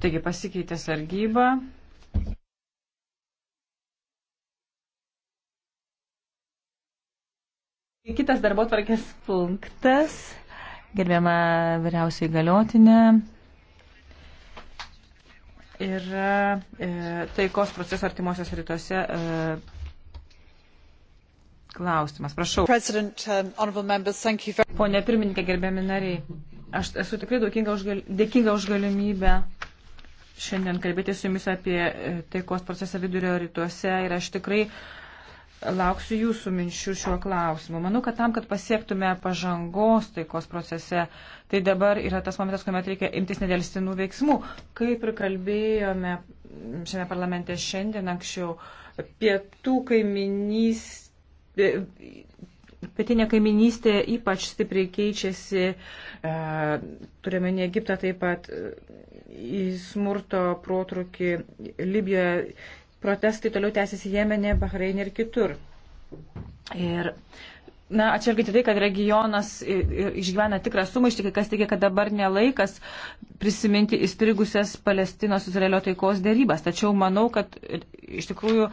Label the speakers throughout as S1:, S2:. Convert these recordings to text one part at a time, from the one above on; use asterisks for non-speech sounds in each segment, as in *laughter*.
S1: Taigi pasikeitė sargyba. Kitas darbo tvarkės punktas, gerbiama vyriausiai galiotinė, yra e, taikos procesų artimuosios rytuose e, klausimas. Prašau. Um, Pone pirmininkė, gerbėmi nariai, aš esu tikrai dėkinga už, gal, dėkinga už galimybę šiandien kalbėti su jumis apie e, taikos procesą vidurio rytuose ir aš tikrai lauksiu jūsų minčių šiuo klausimu. Manau, kad tam, kad pasiektume pažangos taikos procese, tai dabar yra tas momentas, kuomet reikia imtis nedėlstinų veiksmų. Kaip ir kalbėjome šiame parlamente šiandien anksčiau, pietų kaiminys pietinė kaiminystė ypač stipriai keičiasi, e, turime ne Egiptą taip pat e, į smurto protrukį Libijoje, protestai toliau tęsiasi Jemenė, Bahreinė ir kitur. Ir Na, atšvelgiant į tai, kad regionas išgyvena tikrą sumaištį, kas teigia, kad dabar nelaikas prisiminti įstrigusias Palestinos Izraelio taikos dėrybas. Tačiau manau, kad iš tikrųjų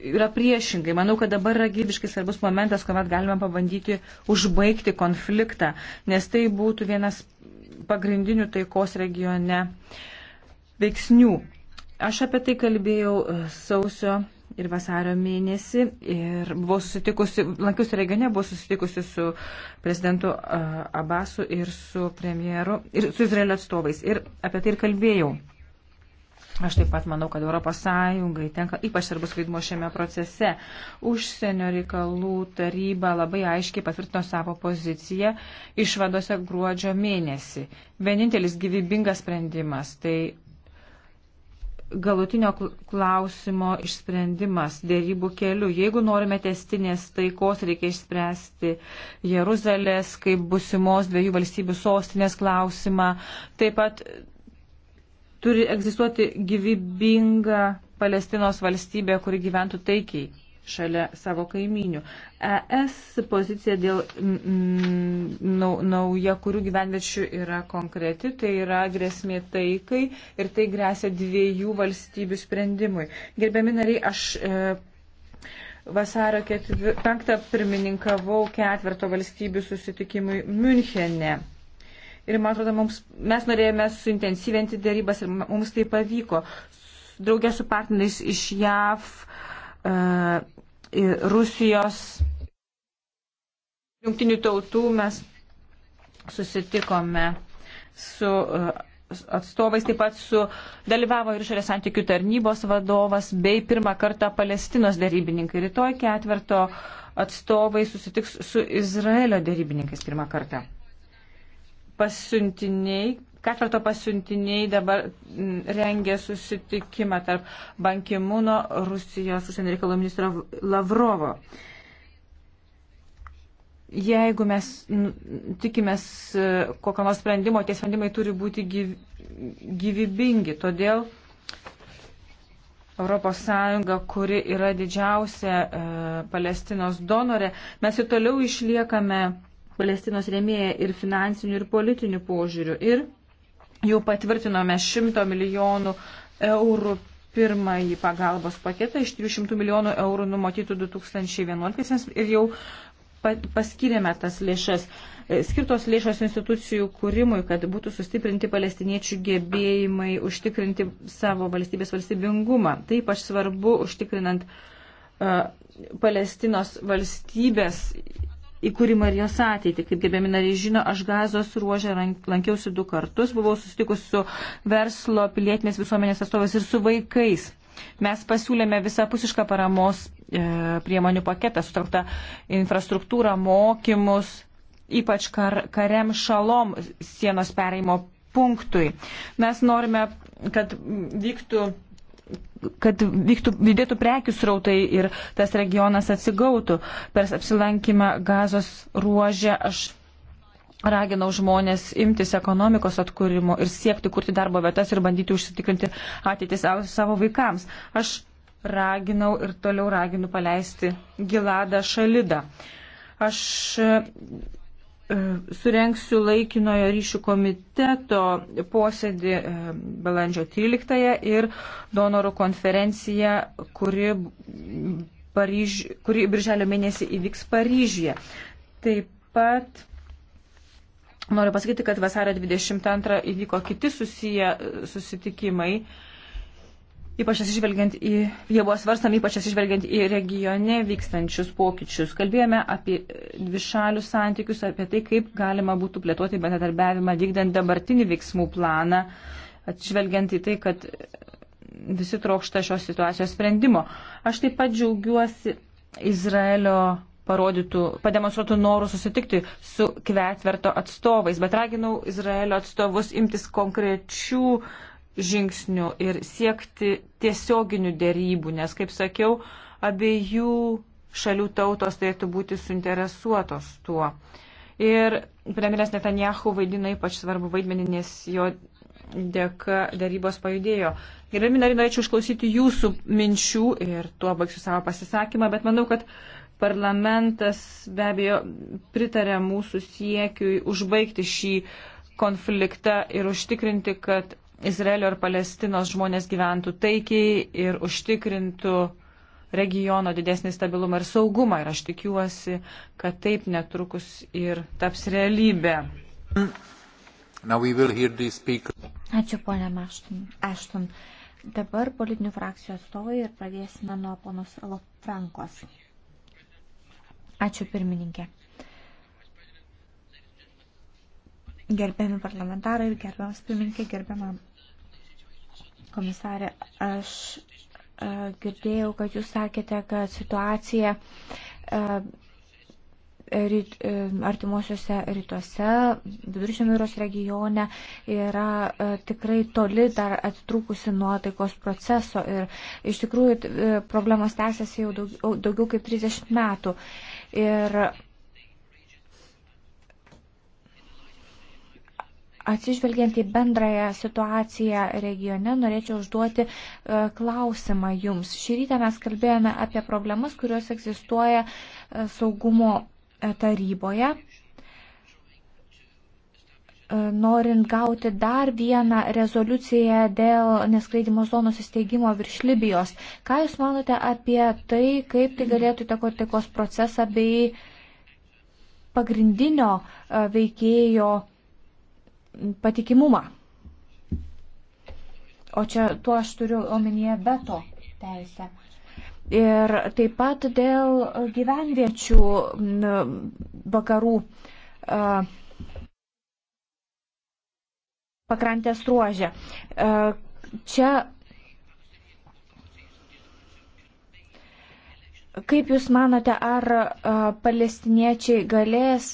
S1: yra priešingai. Manau, kad dabar yra gyviškai svarbus momentas, kuomet galime pabandyti užbaigti konfliktą, nes tai būtų vienas pagrindinių taikos regione veiksnių. Aš apie tai kalbėjau e, sausio ir vasario mėnesį ir buvau susitikusi, lankiausi regione, buvau susitikusi su prezidentu e, Abasu ir su premjeru ir su Izraelio atstovais ir apie tai ir kalbėjau. Aš taip pat manau, kad ES tenka ypač svarbus vaidmo šiame procese. Užsienio reikalų taryba labai aiškiai patvirtino savo poziciją išvadose gruodžio mėnesį. Vienintelis gyvybingas sprendimas tai galutinio klausimo išsprendimas dėrybų keliu. Jeigu norime testinės taikos, reikia išspręsti Jeruzalės kaip busimos dviejų valstybių sostinės klausimą. Taip pat Turi egzistuoti gyvybinga Palestinos valstybė, kuri gyventų taikiai šalia savo kaiminių. ES pozicija dėl mm, nauja, kurių gyvenviečių yra konkreti, tai yra grėsmė taikai ir tai grėsia dviejų valstybių sprendimui. Gerbiami nariai, aš e, vasario penktą pirmininkavau ketverto valstybių susitikimui Münchene. Ir man atrodo, mums, mes norėjome suintensyventi dėrybas ir mums tai pavyko. Draugė su partneriais iš JAV, uh, Rusijos, jungtinių tautų mes susitikome su uh, atstovais, taip pat su dalyvavo ir išorės santykių tarnybos vadovas bei pirmą kartą Palestinos dėrybininkai. Rytoj ketverto atstovai susitiks su Izraelio dėrybininkais pirmą kartą pasiuntiniai, Katvarto pasiuntiniai dabar rengia susitikimą tarp Bankimuno, Rusijos užsienio reikalų ministro Lavrovo. Jeigu mes tikimės e, kokio nors sprendimo, tie sprendimai turi būti gyv, gyvybingi. Todėl ES, kuri yra didžiausia e, Palestinos donorė, mes ir toliau išliekame Palestinos rėmėja ir finansinių, ir politinių požiūrių. Ir jau patvirtinome 100 milijonų eurų pirmąjį pagalbos paketą iš 300 milijonų eurų numatytų 2011 ir jau paskiriame tas lėšas. E, skirtos lėšos institucijų kūrimui, kad būtų sustiprinti palestiniečių gebėjimai užtikrinti savo valstybės valstybingumą. Tai ypač svarbu užtikrinant uh, Palestinos valstybės įkūrimą ir jos ateitį. Kaip gerbėmi nariai žino, aš gazos ruožę lankiausi du kartus, buvau susitikus su verslo pilietinės visuomenės atstovas ir su vaikais. Mes pasiūlėme visapusišką paramos e, priemonių paketą, sutraktą infrastruktūrą, mokymus, ypač kar, karem šalom sienos pereimo punktui. Mes norime, kad vyktų kad vyktų, judėtų prekių srautai ir tas regionas atsigautų. Per apsilankymą gazos ruožę aš raginau žmonės imtis ekonomikos atkūrimo ir siekti kurti darbo vietas ir bandyti užsitikrinti ateitį savo vaikams. Aš raginau ir toliau raginu paleisti Giladą Šalidą. Aš E, surenksiu laikinojo ryšių komiteto posėdį e, balandžio 13 ir donorų konferenciją, kuri, Paryž, kuri birželio mėnesį įvyks Paryžyje. Taip pat noriu pasakyti, kad vasario 22 įvyko kiti susiję e, susitikimai. Ypač atsižvelgiant į, jie buvo svarstami ypač atsižvelgiant į regione vykstančius pokyčius. Kalbėjome apie dvišalius santykius, apie tai, kaip galima būtų plėtoti bendradarbiavimą vykdant dabartinį veiksmų planą, atsižvelgiant į tai, kad visi trokšta šios situacijos sprendimo. Aš taip pat džiaugiuosi Izraelio parodytų, pademonstruotų norų susitikti su Kvetverto atstovais, bet raginau Izraelio atstovus imtis konkrečių uh, žingsnių ir siekti tiesioginių dėrybų, nes, kaip sakiau, abiejų šalių tautos turėtų būti suinteresuotos tuo. Ir premjeras Netanjahu vaidina ypač svarbu vaidmenį, nes jo dėka darybos pajudėjo. Gerbiami nariai, norėčiau išklausyti jūsų minčių ir tuo baigsiu savo pasisakymą, bet manau, kad parlamentas be abejo pritarė mūsų siekiui užbaigti šį konfliktą ir užtikrinti, kad Izraelio ir Palestinos žmonės gyventų taikiai ir užtikrintų regiono didesnį stabilumą ir saugumą. Ir aš tikiuosi, kad taip netrukus ir taps realybė.
S2: Ačiū, ponia Ashton. Dabar politinių frakcijų atstovai ir pradėsime nuo ponos Lofrankos. Ačiū, pirmininkė. Gerbiami parlamentarai ir gerbiamas pirmininkė, gerbiamam Komisarė, aš e, girdėjau, kad jūs sakėte, kad situacija e, ryt, e, artimuosiuose rytuose, viduržėmio jūros regione yra tikrai toli dar atitrūkusi nuo taikos proceso ir iš tikrųjų problemos tęsiasi jau daugiau, daugiau kaip 30 metų. Ir Atsižvelgiant į bendrąją situaciją regione, norėčiau užduoti e, klausimą jums. Šį rytą mes kalbėjome apie problemas, kurios egzistuoja e, saugumo e, taryboje. Norint gauti dar vieną rezoliuciją dėl neskraidimo zonos įsteigimo virš Libijos, ką Jūs manote apie tai, kaip tai galėtų įtakoti taikos procesą bei pagrindinio veikėjo patikimumą. O čia tuo aš turiu omenyje veto teisę. Ir taip pat dėl gyvenviečių vakarų pakrantės ruožė. Čia kaip Jūs manote, ar palestiniečiai galės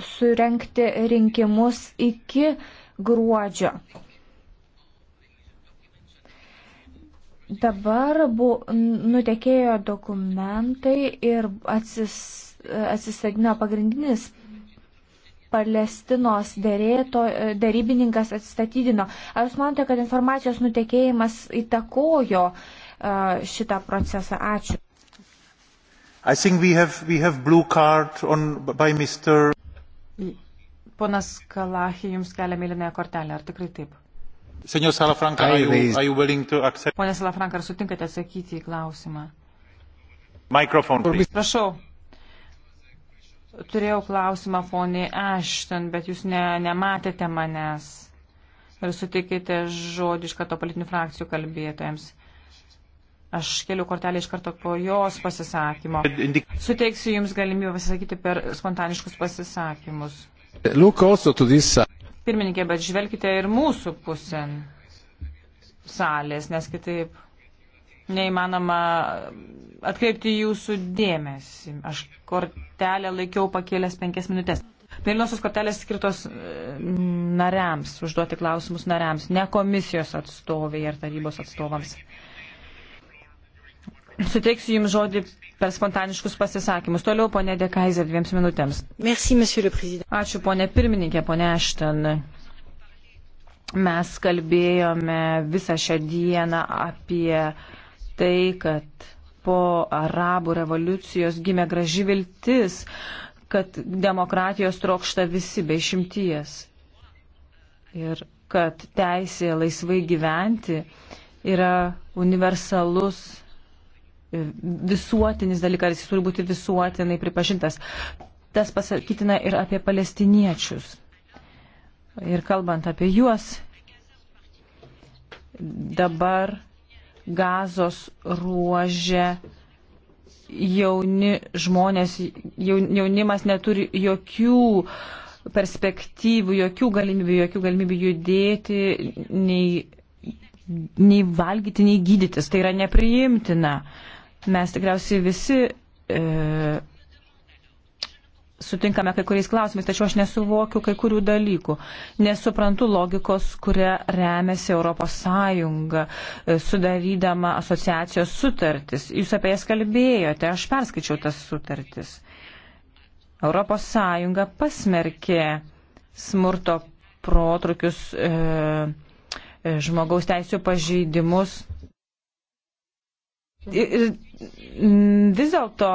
S2: surenkti rinkimus iki gruodžio. Dabar bu, nutekėjo dokumentai ir atsis, atsistatino pagrindinis Palestinos dėrėto, dėrybininkas atsistatydino. Ar jūs manote, kad informacijos nutekėjimas įtakojo šitą procesą? Ačiū.
S1: I think we have, we have blue card on, by Mr. Ponas Kalahi, jums kelia mėlynąją kortelę, ar tikrai taip? Senor Salafranca, are you, are you willing to accept? Pone Salafranca, ar sutinkate atsakyti į klausimą? Mikrofon, please. Prašau. Turėjau klausimą foniai Ashton, bet jūs ne, nematėte manęs ir sutikite žodį iš karto politinių frakcijų kalbėtojams. Aš keliu kortelį iš karto po jos pasisakymo. Suteiksiu Jums galimybę pasisakyti per spontaniškus pasisakymus. Eh, Pirmininkė, bet žvelkite ir mūsų pusėn salės, nes kitaip neįmanoma atkreipti jūsų dėmesį. Aš kortelę laikiau pakėlęs penkias minutės. Mėlynosios kortelės skirtos e, nariams, užduoti klausimus nariams, ne komisijos atstoviai ar tarybos atstovams. Suteiksiu Jums žodį per spontaniškus pasisakymus. Toliau, ponė Dekaizė, dviems minutėms. Merci, Ačiū, ponė pirmininkė, ponė Ešten. Mes kalbėjome visą šią dieną apie tai, kad po arabų revoliucijos gimė graži viltis, kad demokratijos trokšta visi be išimties. Ir kad teisė laisvai gyventi yra universalus visuotinis dalykas, jis turi būti visuotinai pripažintas. Tas pasakytina ir apie palestiniečius. Ir kalbant apie juos, dabar gazos ruožė jauni žmonės, jaunimas neturi jokių perspektyvų, jokių galimybių, jokių galimybių judėti, nei, nei valgyti, nei gydytis. Tai yra nepriimtina. Uh, Mes tikriausiai visi e, sutinkame kai kuriais klausimais, tačiau aš nesuvokiu kai kurių dalykų. Nesuprantu logikos, kuria remiasi ES e, sudarydama asociacijos sutartis. Jūs apie jas kalbėjote, aš perskaičiau tas sutartis. ES pasmerkė smurto protrukius, e, e žmogaus teisų pažeidimus Ir vis dėlto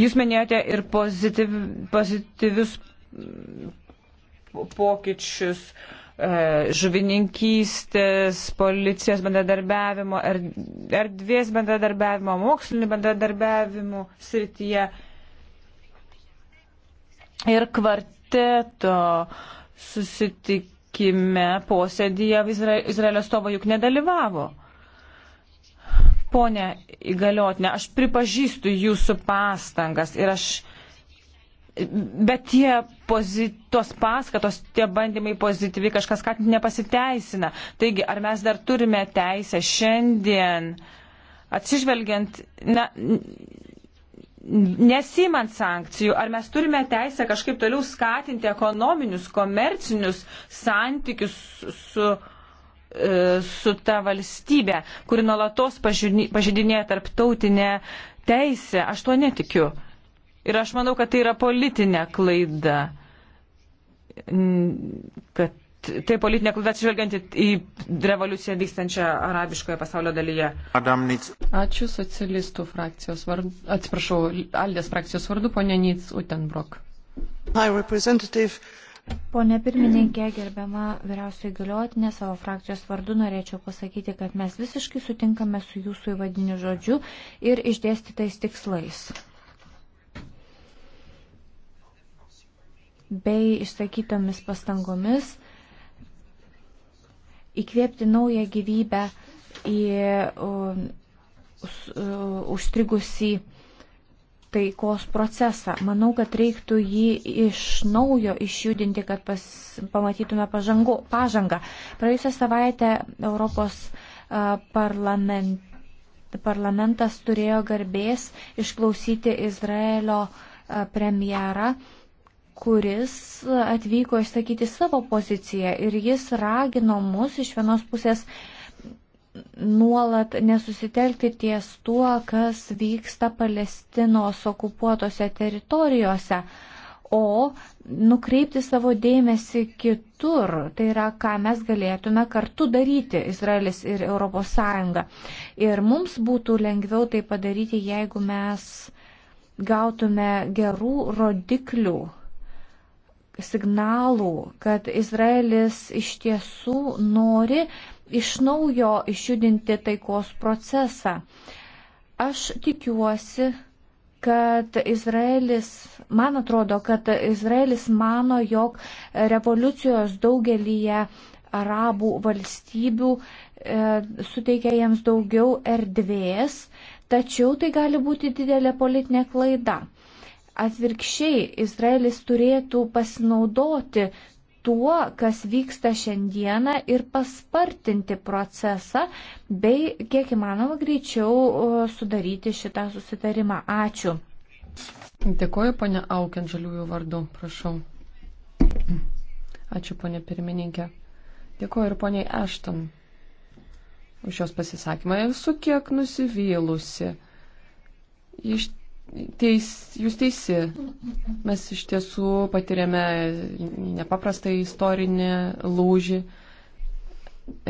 S1: jūs minėjote ir pozityv, pozityvius pokyčius e, žuvininkystės, policijos bendradarbiavimo, er, erdvės bendradarbiavimo, mokslinio bendradarbiavimo srityje ir kvarteto susitikime posėdyje Izraelio stovo juk nedalyvavo. Pone įgaliotinė, aš pripažįstu jūsų pastangas ir aš. Bet tie pozit, tos paskatos, tie bandymai pozityviai kažkas skatinti nepasiteisina. Taigi, ar mes dar turime teisę šiandien, atsižvelgiant, na, nesimant sankcijų, ar mes turime teisę kažkaip toliau skatinti ekonominius, komercinius santykius su. su E, su ta valstybė, kuri nuolatos pažydinėja tarptautinę teisę. Aš tuo netikiu. Ir aš manau, kad tai yra politinė klaida. Kad tai politinė klaida atsižvelgiant į revoliuciją vykstančią arabiškoje pasaulio dalyje. Adamnic.
S3: Ačiū socialistų frakcijos vardu, atsiprašau, Aldės frakcijos vardu, ponė Nits Utenbrok. High
S2: representative, Pone pirmininkė, gerbiama vyriausiai galiotinė, savo frakcijos vardu norėčiau pasakyti, kad mes visiškai sutinkame su jūsų įvadiniu žodžiu ir išdėstytais tikslais. Bei išsakytomis pastangomis įkvėpti naują gyvybę į uh, užstrigusį uh, taikos procesą. Manau, kad reiktų jį iš naujo išjudinti, kad pas, pamatytume pažangu, pažangą. Praėjusią savaitę Europos uh, parlament, parlamentas turėjo garbės išklausyti Izraelio uh, premjerą kuris atvyko išsakyti savo poziciją ir jis ragino mus iš vienos pusės uh, nuolat nesusitelkti ties tuo, kas vyksta Palestinos okupuotose teritorijose, o nukreipti savo dėmesį kitur, tai yra, ką mes galėtume kartu daryti, Izraelis ir ES. Ir mums būtų lengviau tai padaryti, jeigu mes gautume gerų rodiklių, signalų, kad Izraelis iš tiesų nori iš naujo išjudinti taikos procesą. Aš tikiuosi, kad Izraelis, man atrodo, kad Izraelis mano, jog revoliucijos daugelyje arabų valstybių e, suteikia jiems daugiau erdvės, tačiau tai gali būti didelė politinė klaida. Atvirkščiai, Izraelis turėtų pasinaudoti tuo, kas vyksta šiandieną ir paspartinti procesą bei kiek įmanoma greičiau sudaryti šitą susitarimą. Ačiū. Dėkoju, ponia Aukent, žaliųjų vardu, prašau.
S3: Ačiū, ponia pirmininkė. Dėkoju ir poniai Ešton už jos pasisakymą. Esu kiek nusivylusi. Iš Teis, jūs teisi, mes iš tiesų patiriame nepaprastai istorinį lūžį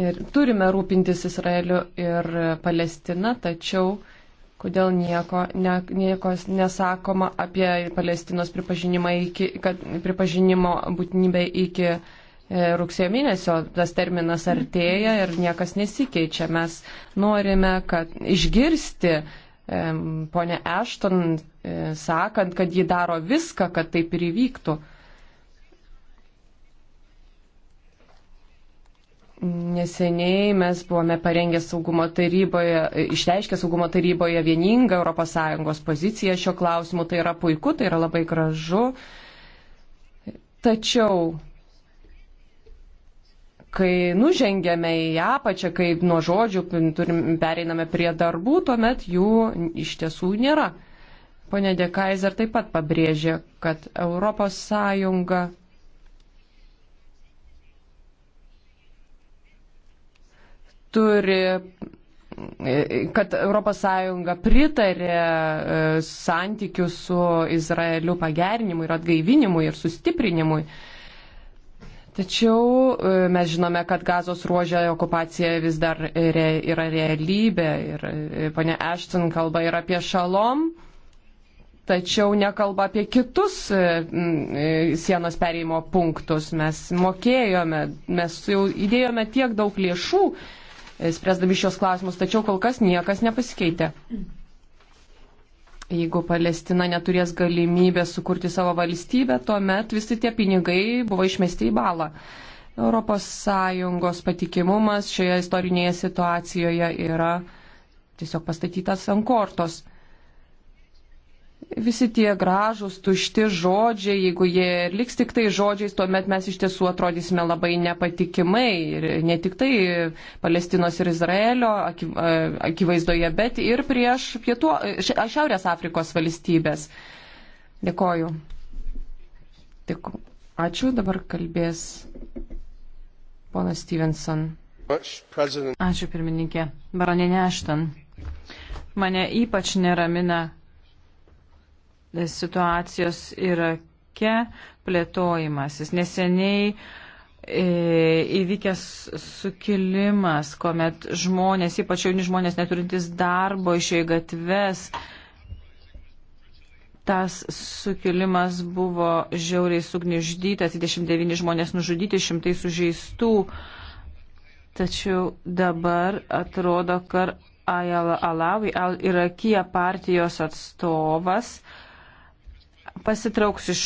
S3: ir turime rūpintis Izraeliu ir Palestina, tačiau kodėl nieko, ne, nieko nesakoma apie Palestinos pripažinimą iki, kad pripažinimo būtinybę iki e, rugsėjo mėnesio, tas terminas artėja ir niekas nesikeičia. Mes norime, kad išgirsti ponė Ešton, e, sakant, kad ji daro viską, kad taip ir įvyktų. Neseniai mes buvome parengę saugumo taryboje, e, išreiškę saugumo taryboje vieningą ES poziciją šio klausimu. Tai yra puiku, tai yra labai gražu. Tačiau kai nužengėme į apačią, kai nuo žodžių turim, pereiname prie darbų, tuomet jų iš tiesų nėra. Pone Dekaiser taip pat pabrėžė, kad ES turi kad ES pritarė e, santykių su Izraeliu pagerinimui ir atgaivinimui ir sustiprinimui. Uh, Tačiau e, mes žinome, kad gazos ruožė okupacija vis dar yra realybė ir e, ponia Ashton kalba ir apie šalom, tačiau nekalba apie kitus e, sienos pereimo punktus. Mes mokėjome, mes jau įdėjome tiek daug lėšų, spręsdami šios klausimus, tačiau kol kas niekas nepasikeitė. Jeigu Palestina neturės galimybę sukurti savo valstybę, tuomet visi tie pinigai buvo išmesti į balą. ES patikimumas šioje istorinėje situacijoje yra tiesiog pastatytas ant kortos visi tie gražūs, tušti žodžiai, jeigu jie ir liks tik tai žodžiais, tuomet mes iš tiesų atrodysime labai nepatikimai ir ne tik tai Palestinos ir Izraelio akivaizdoje, bet ir prieš pietų, Šiaurės Afrikos valstybės. Dėkoju. Dėkoju. Ačiū, dabar kalbės ponas Stevenson.
S1: Ačiū
S3: pirmininkė. Baroninė Ašton. Mane ypač
S1: neramina situacijos Irake plėtojimasis. Neseniai e, įvykęs sukilimas, kuomet žmonės, ypač jauni žmonės neturintys darbo, išėjo į gatves. Tas sukilimas buvo žiauriai sugniždytas, 29 žmonės nužudyti, šimtai sužeistų. Tačiau dabar atrodo, kad Alavi Al Irakija partijos atstovas uh, pasitrauks iš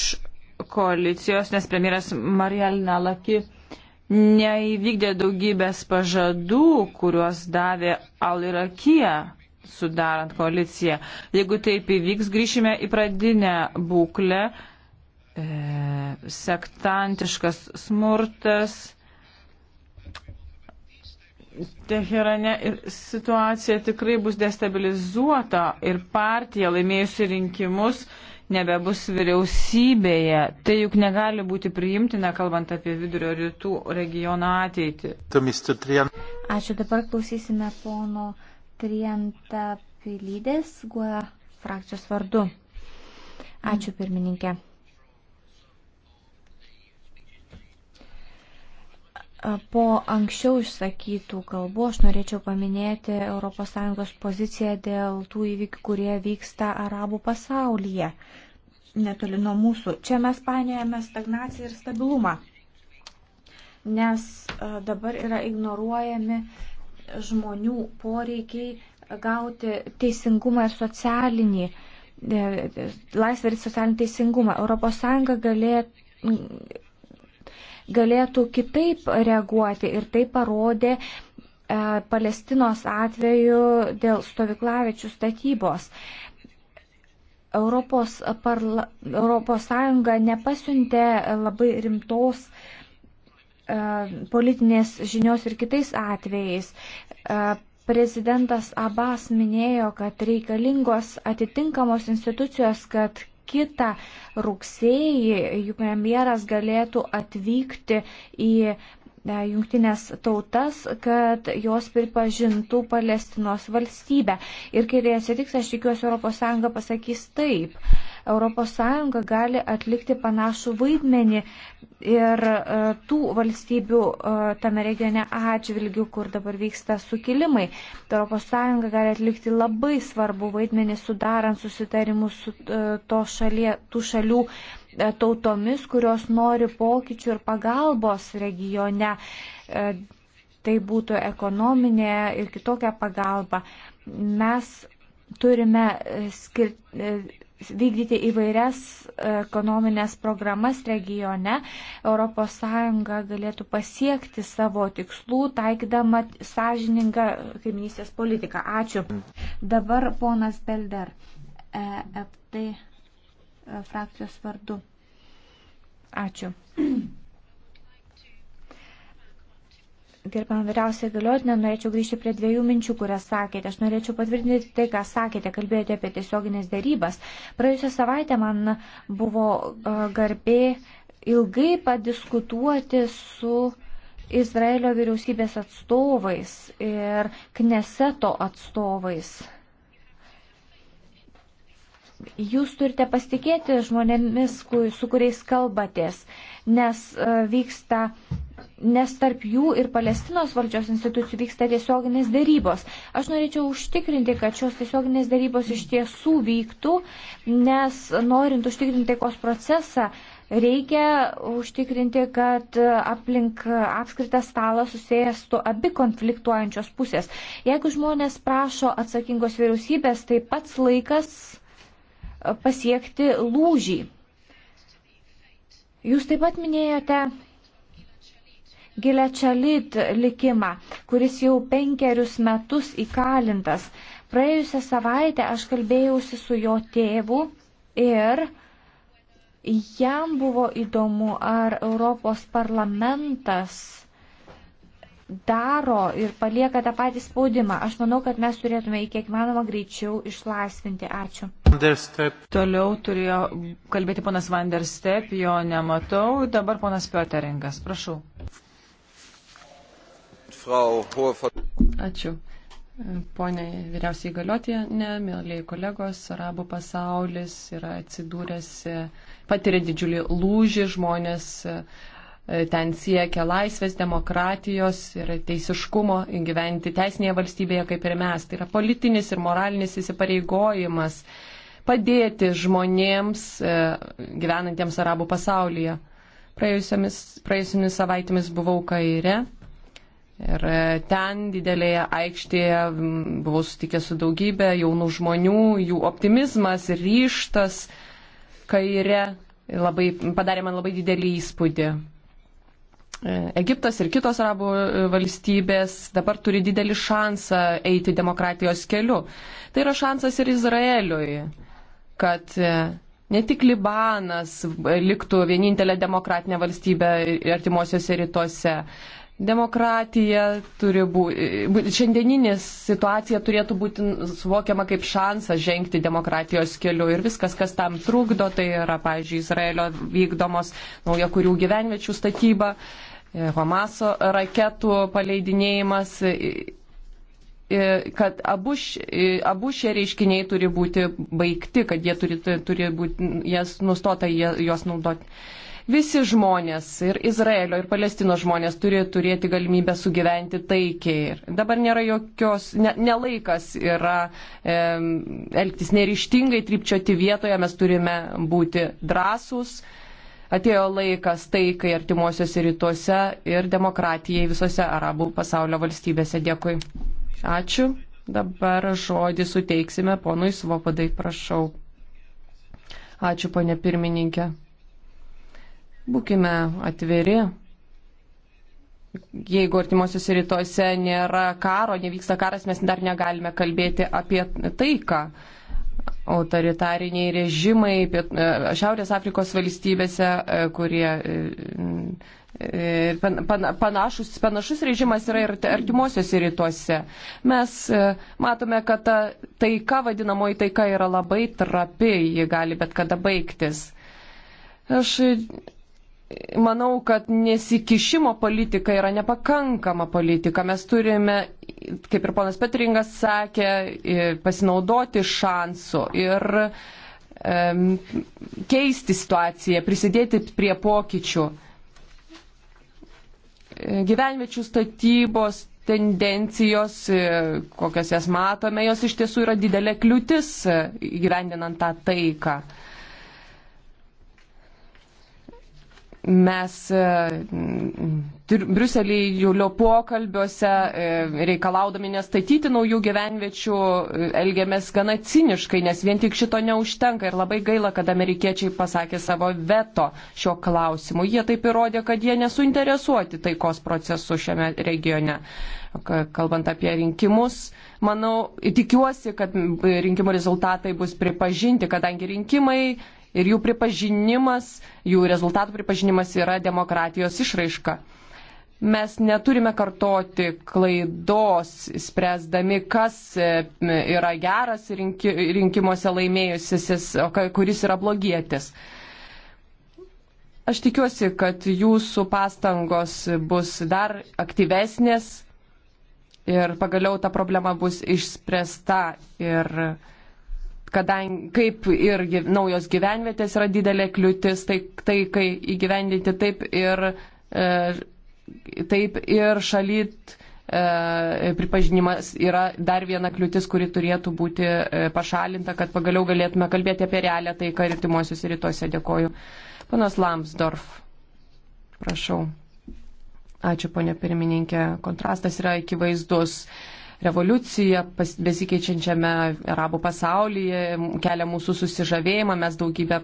S1: koalicijos, nes premjeras Marijalina Laki neįvykdė daugybės pažadų, kuriuos davė Alirakija sudarant koaliciją. Jeigu taip įvyks, grįšime į pradinę būklę. E, sektantiškas smurtas Teherane ir situacija tikrai bus destabilizuota ir partija laimėjusi rinkimus e, nebebus vyriausybėje. Tai juk negali būti priimtina, kalbant apie vidurio rytų regiono ateitį.
S2: Ačiū, dabar klausysime pono Trienta Pilydės, guoja frakcijos vardu. Ačiū pirmininkė. Po anksčiau išsakytų kalbų aš norėčiau paminėti ES poziciją dėl tų įvykių, kurie vyksta arabų pasaulyje netoli nuo mūsų. Čia mes panėjame stagnaciją ir stabilumą, nes e, dabar yra ignoruojami žmonių poreikiai gauti teisingumą ir socialinį, e, e, laisvę ir socialinį teisingumą. ES galėtų galėtų kitaip reaguoti ir tai parodė e, Palestinos atveju dėl stovyklavičių statybos. Europos, parla, Europos Sąjunga nepasiuntė labai rimtos e, politinės žinios ir kitais atvejais. E, prezidentas Abbas minėjo, kad reikalingos atitinkamos institucijos, kad kitą rugsėjį jų premjeras galėtų atvykti į e, jungtinės tautas, kad jos pripažintų Palestinos valstybę. Ir kai tai atsitiks, aš tikiuosi, ES pasakys taip. ES gali atlikti panašų vaidmenį ir e, tų valstybių e, tame regione atžvilgių, kur dabar vyksta sukilimai. ES gali atlikti labai svarbų vaidmenį sudarant susitarimus su e, šalie, tų šalių tautomis, kurios nori pokyčių ir pagalbos regione. Tai būtų ekonominė ir kitokia pagalba. Mes turime skirti vykdyti įvairias ekonominės programas regione, ES galėtų pasiekti savo tikslų, taikydama sąžiningą kaiminystės politiką. Ačiū. Dabar ponas Belder, e FT e, frakcijos vardu. Ačiū. Gerbam vyriausiai galiotinė, norėčiau grįžti prie dviejų minčių, kurias sakėte. Aš norėčiau patvirtinti tai, ką sakėte, kalbėjote apie tiesioginės dėrybas. Praėjusią savaitę man buvo garbė ilgai padiskutuoti su Izraelio vyriausybės atstovais ir Kneseto atstovais. Jūs turite pasitikėti žmonėmis, su kuriais kalbatės, nes e, vyksta, nes tarp jų ir Palestinos valdžios institucijų vyksta tiesioginės dėrybos. Aš norėčiau užtikrinti, kad šios tiesioginės dėrybos iš tiesų vyktų, nes norint užtikrinti taikos procesą, reikia užtikrinti, kad aplink apskritą stalą susijęstų abi konfliktuojančios pusės. Jeigu žmonės prašo atsakingos vyriausybės, tai pats laikas pasiekti lūžį. Jūs taip pat minėjote Gilečalit likimą, kuris jau penkerius metus įkalintas. Praėjusią savaitę aš kalbėjausi su jo tėvu ir jam buvo įdomu, ar Europos parlamentas daro ir palieka tą patį spaudimą. Aš manau, kad mes turėtume į kiek manoma greičiau išlaisvinti. Ačiū.
S1: Toliau turėjo kalbėti ponas Vanderstep, jo nematau.
S3: Dabar ponas Pioteringas, prašau. Ačiū. Pone vyriausiai galiotė, ne, mėlyje kolegos, arabų pasaulis yra atsidūręs, patiria didžiulį lūžį, žmonės e, ten siekia laisvės, demokratijos ir teisiškumo gyventi teisinėje valstybėje kaip ir mes. Tai yra politinis ir moralinis įsipareigojimas padėti žmonėms e, gyvenantiems arabų pasaulyje. Praėjusiamis savaitėmis buvau Kaire ir e, ten didelėje aikštėje buvau sutikęs su daugybė jaunų žmonių, jų optimizmas ir ryštas Kaire labai, padarė man labai didelį įspūdį. E, Egiptas ir kitos arabų valstybės dabar turi didelį šansą eiti demokratijos keliu. Tai yra šansas ir Izraeliui kad e, ne tik Libanas e, liktų vienintelė demokratinė valstybė artimuosiuose rytuose. Demokratija turi būti, e, šiandieninis situacija turėtų būti suvokiama kaip šansas žengti demokratijos keliu ir viskas, kas tam trukdo, tai yra, pavyzdžiui, Izraelio vykdomos nauja kurių gyvenviečių statyba, Hamaso raketų paleidinėjimas E, kad abu, e, abu šie reiškiniai turi būti baigti, kad jie turi, turi būti, jas nustota juos naudoti. Visi žmonės, ir Izraelio, ir Palestino žmonės turi turėti galimybę sugyventi taikiai. Ir dabar nėra jokios, ne, nelaikas yra e, elgtis nerištingai, tripčioti vietoje, mes turime būti drąsūs. Atėjo laikas taikai artimuosiuose rytuose ir demokratijai visose arabų pasaulio valstybėse. Dėkui. Ačiū. Dabar žodį suteiksime ponui Svobodai, prašau. Ačiū, ponė pirmininkė. Būkime atviri. Jeigu artimuosiuose rytuose nėra karo, nevyksta karas, mes dar negalime kalbėti apie taiką. Autoritariniai režimai e, Šiaurės Afrikos valstybėse, e, kurie e, Panašus, panašus režimas yra ir artimuosiuose rytuose. Mes e, matome, kad ta taika, vadinamoji taika, yra labai trapi, ji gali bet kada baigtis. Aš e, manau, kad nesikišimo politika yra nepakankama politika. Mes turime, kaip ir ponas Petringas sakė, e, pasinaudoti šansu ir keisti situaciją, prisidėti prie pokyčių gyvenviečių statybos tendencijos, e, kokias jas matome, jos iš tiesų yra didelė kliūtis e, gyvendinant tą taiką. mes e, Briuselį Julio pokalbiuose e, reikalaudami nestatyti naujų gyvenviečių e, elgiamės gana ciniškai, nes vien tik šito neužtenka ir labai gaila, kad amerikiečiai pasakė savo veto šio klausimu. Jie taip įrodė, kad jie nesuinteresuoti taikos procesu šiame regione. Kalbant apie rinkimus, manau, tikiuosi, kad rinkimų rezultatai bus pripažinti, kadangi rinkimai ir jų pripažinimas, jų rezultatų pripažinimas yra demokratijos išraiška. Mes neturime kartoti klaidos, spręsdami, kas e, yra geras rinki, rinkimuose laimėjusis, o kuris yra blogietis. Aš tikiuosi, kad jūsų pastangos bus dar aktyvesnės ir pagaliau ta problema bus išspręsta ir kadangi kaip ir naujos gyvenvietės yra didelė kliūtis, tai, tai kai įgyvendinti taip ir, e, taip ir šalyt e, pripažinimas yra dar viena kliūtis, kuri turėtų būti e, pašalinta, kad pagaliau galėtume kalbėti apie realią taiką rytimuosius rytuose. Dėkoju. Panas Lamsdorf, prašau. Ačiū, ponė pirmininkė. Kontrastas yra akivaizdus. E, revoliuciją besikeičiančiame arabų pasaulyje, kelia mūsų susižavėjimą. Mes daugybę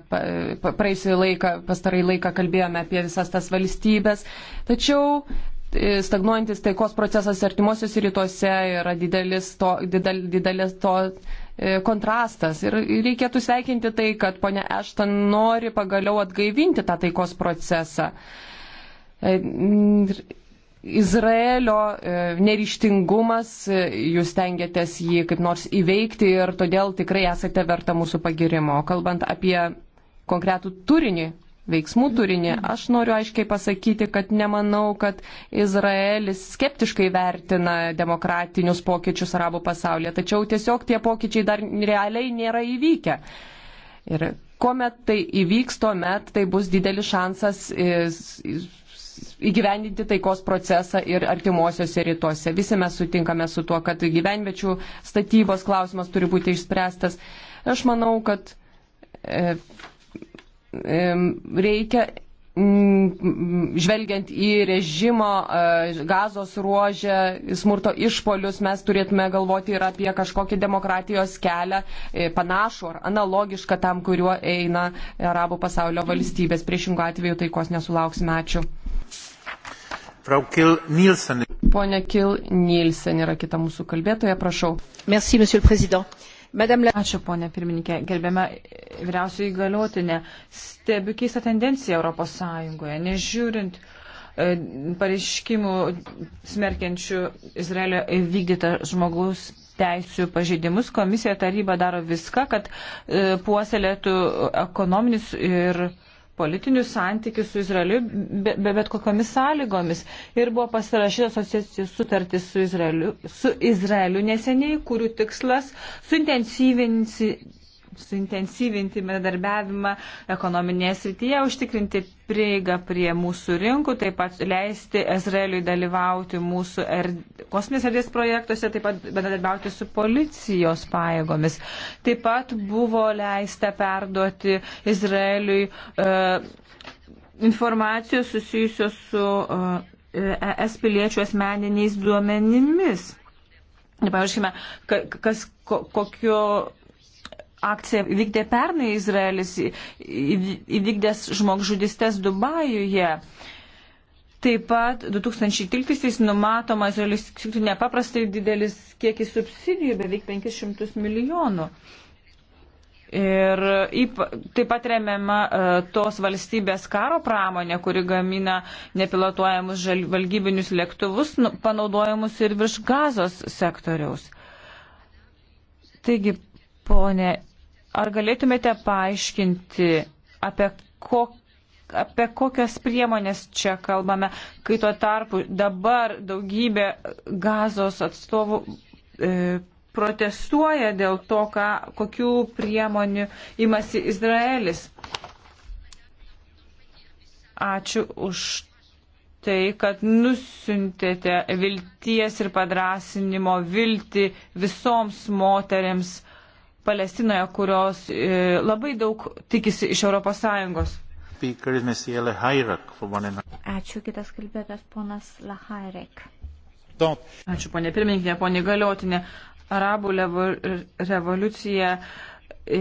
S3: praėjusį laiką, pastarai laiką kalbėjome apie visas tas valstybės. Tačiau e, stagnuojantis taikos procesas artimuosius rytuose yra didelis to, didel, didelis to e, kontrastas. Ir reikėtų sveikinti tai, kad ponia Ešton nori pagaliau atgaivinti tą taikos procesą e, Izraelio e, nerištingumas, e, jūs tengiatės jį kaip nors įveikti ir todėl tikrai esate verta mūsų pagirimo. Kalbant apie konkretų turinį, veiksmų turinį, aš noriu aiškiai pasakyti, kad nemanau, kad Izraelis skeptiškai vertina demokratinius pokyčius arabų pasaulyje, tačiau tiesiog tie pokyčiai dar realiai nėra įvykę. Ir kuomet tai įvyks, tuomet tai bus didelis šansas e, įgyvendinti taikos procesą ir artimuosiuose rytuose. Visi mes sutinkame su tuo, kad gyvenviečių statybos klausimas turi būti išspręstas. Aš manau, kad e, e, reikia mm, žvelgiant į režimo e, gazos ruožę, smurto išpolius, mes turėtume galvoti ir apie kažkokį demokratijos kelią e, panašų ar analogišką tam, kuriuo eina arabų pasaulio valstybės. Priešingų atveju taikos nesulauksime. Ačiū. Pone Kil Nielsen yra kita mūsų kalbėtoja, prašau. Merci, Madame... Ačiū, ponė pirmininkė.
S1: Gerbiama vyriausiai įgaliotinė, stebiu keistą tendenciją Europos Sąjungoje, nežiūrint e, pareiškimų smerkiančių Izraelio vykdytą žmogaus teisų pažeidimus. Komisija taryba daro viską, kad e, puoselėtų ekonominius ir politinius santykius su Izraeliu be, be bet kokiamis sąlygomis. Ir buvo pasirašyta asociacijos sutartis su Izraeliu, su Izraeliu neseniai, kurių tikslas suintensyvinti suintensyvinti bendarbiavimą ekonominėje srityje, užtikrinti prieigą prie mūsų rinkų, taip pat leisti Izraeliui dalyvauti mūsų er... kosminės erdvės projektuose, taip pat bendradarbiauti su policijos pajėgomis. Taip pat buvo leista perduoti Izraeliui e, informacijos susijusios su e, ES piliečių asmeniniais duomenimis. Nepamirškime, kas, kokio akciją vykdė pernai Izraelis, įvykdęs žmogžudistės Dubajuje. Taip pat 2013 numatoma Izraelis skirti nepaprastai didelis kiekis subsidijų, beveik 500 milijonų. Ir taip pat remiama e, tos valstybės karo pramonė, kuri gamina nepilotuojamus valgybinius lėktuvus, nu, panaudojamus ir virš gazos sektoriaus. Taigi, ponė Ar galėtumėte paaiškinti, apie kokį apie kokias priemonės čia kalbame, kai tuo tarpu dabar daugybė gazos atstovų e, protestuoja dėl to, ką, kokių priemonių imasi Izraelis. Ačiū už tai, kad nusintėte vilties ir padrasinimo vilti visoms moteriams Palestinoje, kurios e, labai daug tikisi iš ES.
S2: Ačiū, kitas kalbėtas ponas Lahairek.
S1: Ačiū, ponė pirmininkė, ponė galiotinė. Arabų revoliucija e,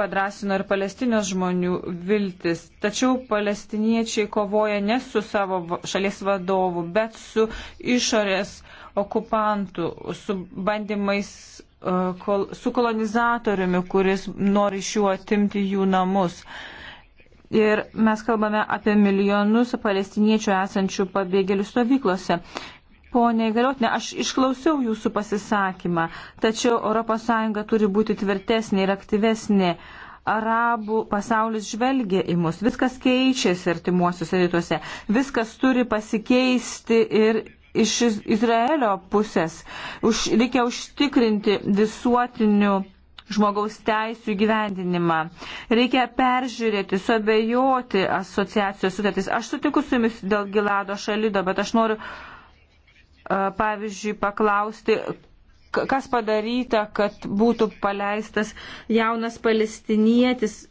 S1: padrasino ir Palestinos žmonių viltis. Tačiau palestiniečiai kovoja ne su savo šalies vadovu, bet su išorės okupantų, su bandymais E, kol, su kolonizatoriumi, kuris nori iš jų atimti jų namus. Ir mes kalbame apie milijonus palestiniečių esančių pabėgėlių stovyklose. Pone įgaliotinė, aš išklausiau jūsų pasisakymą, tačiau ES turi būti tvirtesnė ir aktyvesnė. Arabų pasaulis žvelgia į mus, viskas keičiasi artimuosiuose rytuose, viskas turi pasikeisti ir iš Izraelio pusės. Už, reikia užtikrinti visuotinių žmogaus teisų įgyvendinimą. Reikia peržiūrėti, suabejoti asociacijos sutartys. Aš sutiku su jumis dėl Gilado šalido, bet aš noriu, pavyzdžiui, paklausti, kas padaryta, kad būtų paleistas jaunas palestinietis.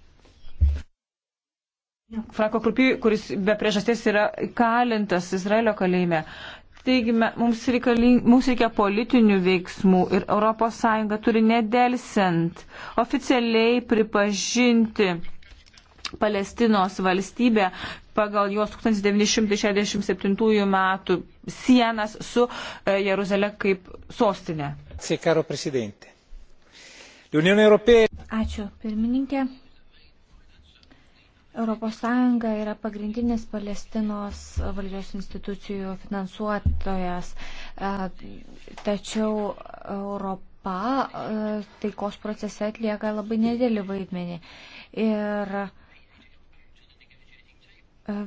S1: Franko Krupi, kuris be priežasties yra kalintas Izraelio kalėjime. Taigi mums, reikaling, mums reikia politinių veiksmų ir ES turi nedelsiant oficialiai pripažinti Palestinos valstybę pagal jos 1967 metų sienas su e, Jeruzalė kaip sostinė.
S2: Ačiū, pirmininkė. ES yra pagrindinis Palestinos valdžios institucijų finansuotojas, e, tačiau Europa e, taikos procese atlieka labai nedėlį vaidmenį. Ir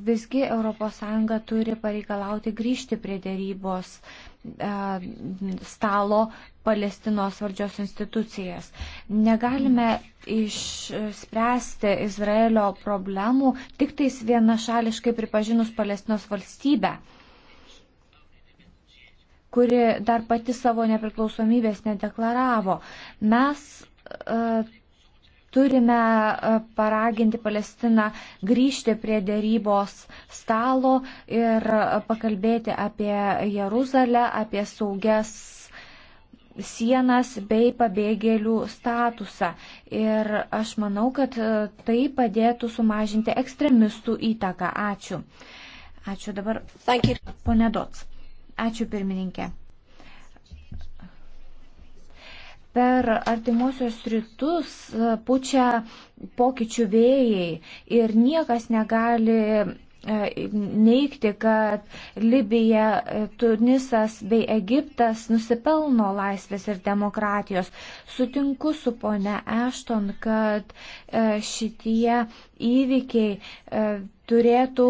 S2: Visgi ES turi pareikalauti grįžti prie dėrybos e, stalo Palestinos valdžios institucijas. Negalime išspręsti Izraelio problemų tik tais vienašališkai pripažinus Palestinos valstybę kuri dar pati savo nepriklausomybės nedeklaravo. Mes uh, Turime e, paraginti Palestiną grįžti prie dėrybos stalo ir e, pakalbėti apie Jeruzalę, apie saugias sienas bei pabėgėlių statusą. Ir aš manau, kad e, tai padėtų sumažinti ekstremistų įtaką. Ačiū. Ačiū dabar. Pone Dots. Ačiū pirmininkė. per artimuosius rytus e, pučia pokyčių vėjai ir niekas negali e, neikti, kad Libija, e, Tunisas bei Egiptas nusipelno laisvės ir demokratijos. Sutinku su pone Ešton, kad šitie įvykiai turėtų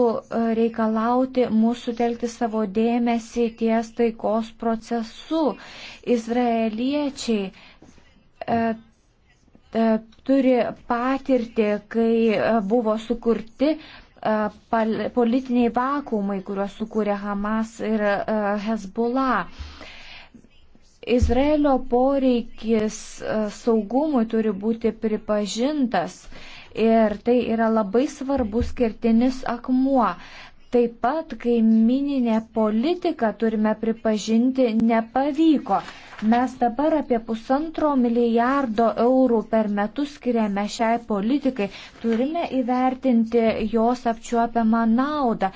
S2: reikalauti mūsų telkti savo dėmesį ties taikos procesu. Izraeliečiai E, e, turi patirtį, kai e, buvo sukurti politiniai vakumai, kuriuos sukūrė Hamas ir Hezbollah. Izraelio poreikis saugumui turi būti pripažintas ir tai yra labai svarbus kertinis akmuo. Taip pat kaimininė politika turime pripažinti nepavyko. Mes dabar apie pusantro milijardo eurų per metus skiriame šiai politikai. Turime įvertinti jos apčiuopiamą naudą.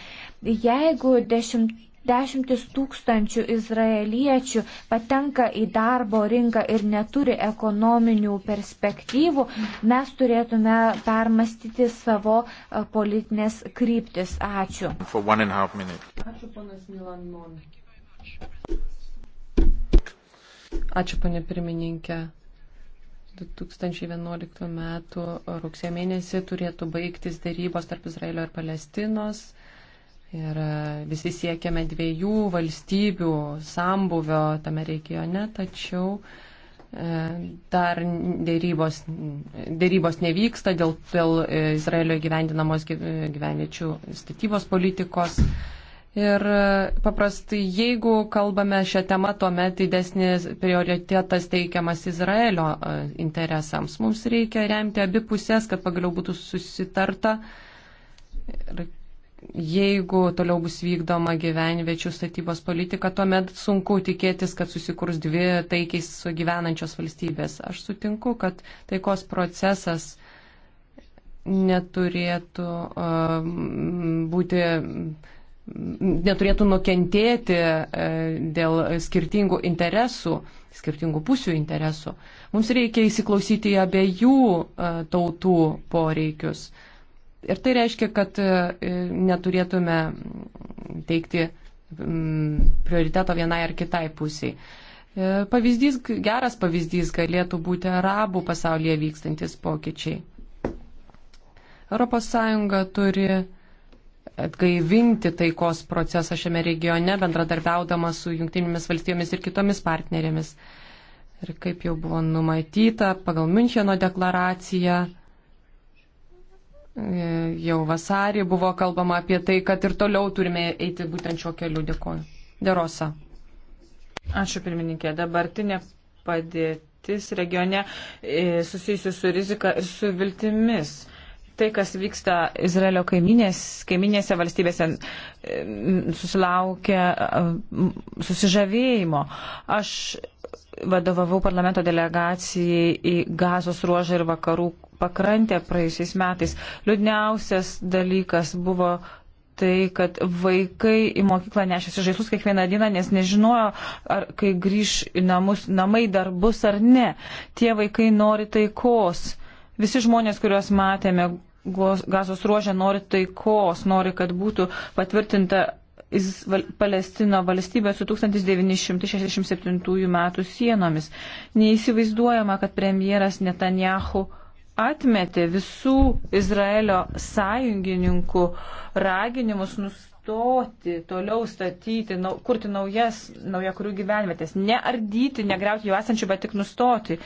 S2: Jeigu dešimt dešimtis tūkstančių izraeliečių patenka į darbo rinką ir neturi ekonominių perspektyvų, mes turėtume permastyti savo e, politinės kryptis. Ačiū.
S1: Ačiū,
S3: ponas Milan Mon. Ačiū, ponė pirmininkė. 2011 m. rugsėjo mėnesį turėtų baigtis dėrybos tarp Izraelio ir Palestinos. Ir e, visi siekiame dviejų valstybių sambuvio tame regione, tačiau e, dar dėrybos, dėrybos nevyksta dėl, dėl e, Izraelio gyvendinamos gyvenviečių statybos politikos. Ir e, paprastai, jeigu kalbame šią temą, tuomet didesnis prioritetas teikiamas Izraelio e, interesams. Mums reikia remti abi pusės, kad pagaliau būtų susitarta. Ir jeigu toliau bus vykdoma gyvenviečių statybos politika, tuomet sunku tikėtis, kad susikurs dvi taikiais gyvenančios valstybės. Aš sutinku, kad taikos procesas neturėtų um, būti neturėtų nukentėti e, dėl skirtingų interesų, skirtingų pusių interesų. Mums reikia įsiklausyti į abiejų e, tautų poreikius. Ir tai reiškia, kad e, neturėtume teikti prioriteto vienai ar kitai pusiai. Pavyzdys, geras pavyzdys galėtų būti arabų pasaulyje vykstantis pokyčiai. ES turi atgaivinti taikos procesą šiame regione, bendradarbiaudama su jungtinėmis valstybėmis ir kitomis partnerėmis. Ir kaip jau buvo numatyta pagal Müncheno deklaraciją, e, jau vasarį buvo kalbama apie tai, kad ir toliau turime eiti būtent šiuo keliu. Dėkoju. Derosa.
S1: Ačiū pirmininkė. Dabartinė padėtis regione e, susijusi su rizika ir su viltimis tai, kas vyksta Izraelio kaiminės, kaiminėse valstybėse, susilaukia susižavėjimo. Aš vadovavau parlamento delegacijai į gazos ruožą ir vakarų pakrantę praėjusiais metais. Liūdniausias dalykas buvo tai, kad vaikai į mokyklą nešėsi žaislus kiekvieną dieną, nes nežinojo, ar kai grįž į namus, namai dar bus ar ne. Tie vaikai nori taikos Visi žmonės, kuriuos matėme gazos ruožę, nori taikos, nori, kad būtų patvirtinta Palestino valstybė su 1967 metų sienomis. Neįsivaizduojama, kad premjeras Netanjahu atmetė visų Izraelio sąjungininkų raginimus nustoti, toliau statyti, nau, kurti naujas, nauja kurių gyvenvietės, neardyti, negriauti jų esančių, bet tik nustoti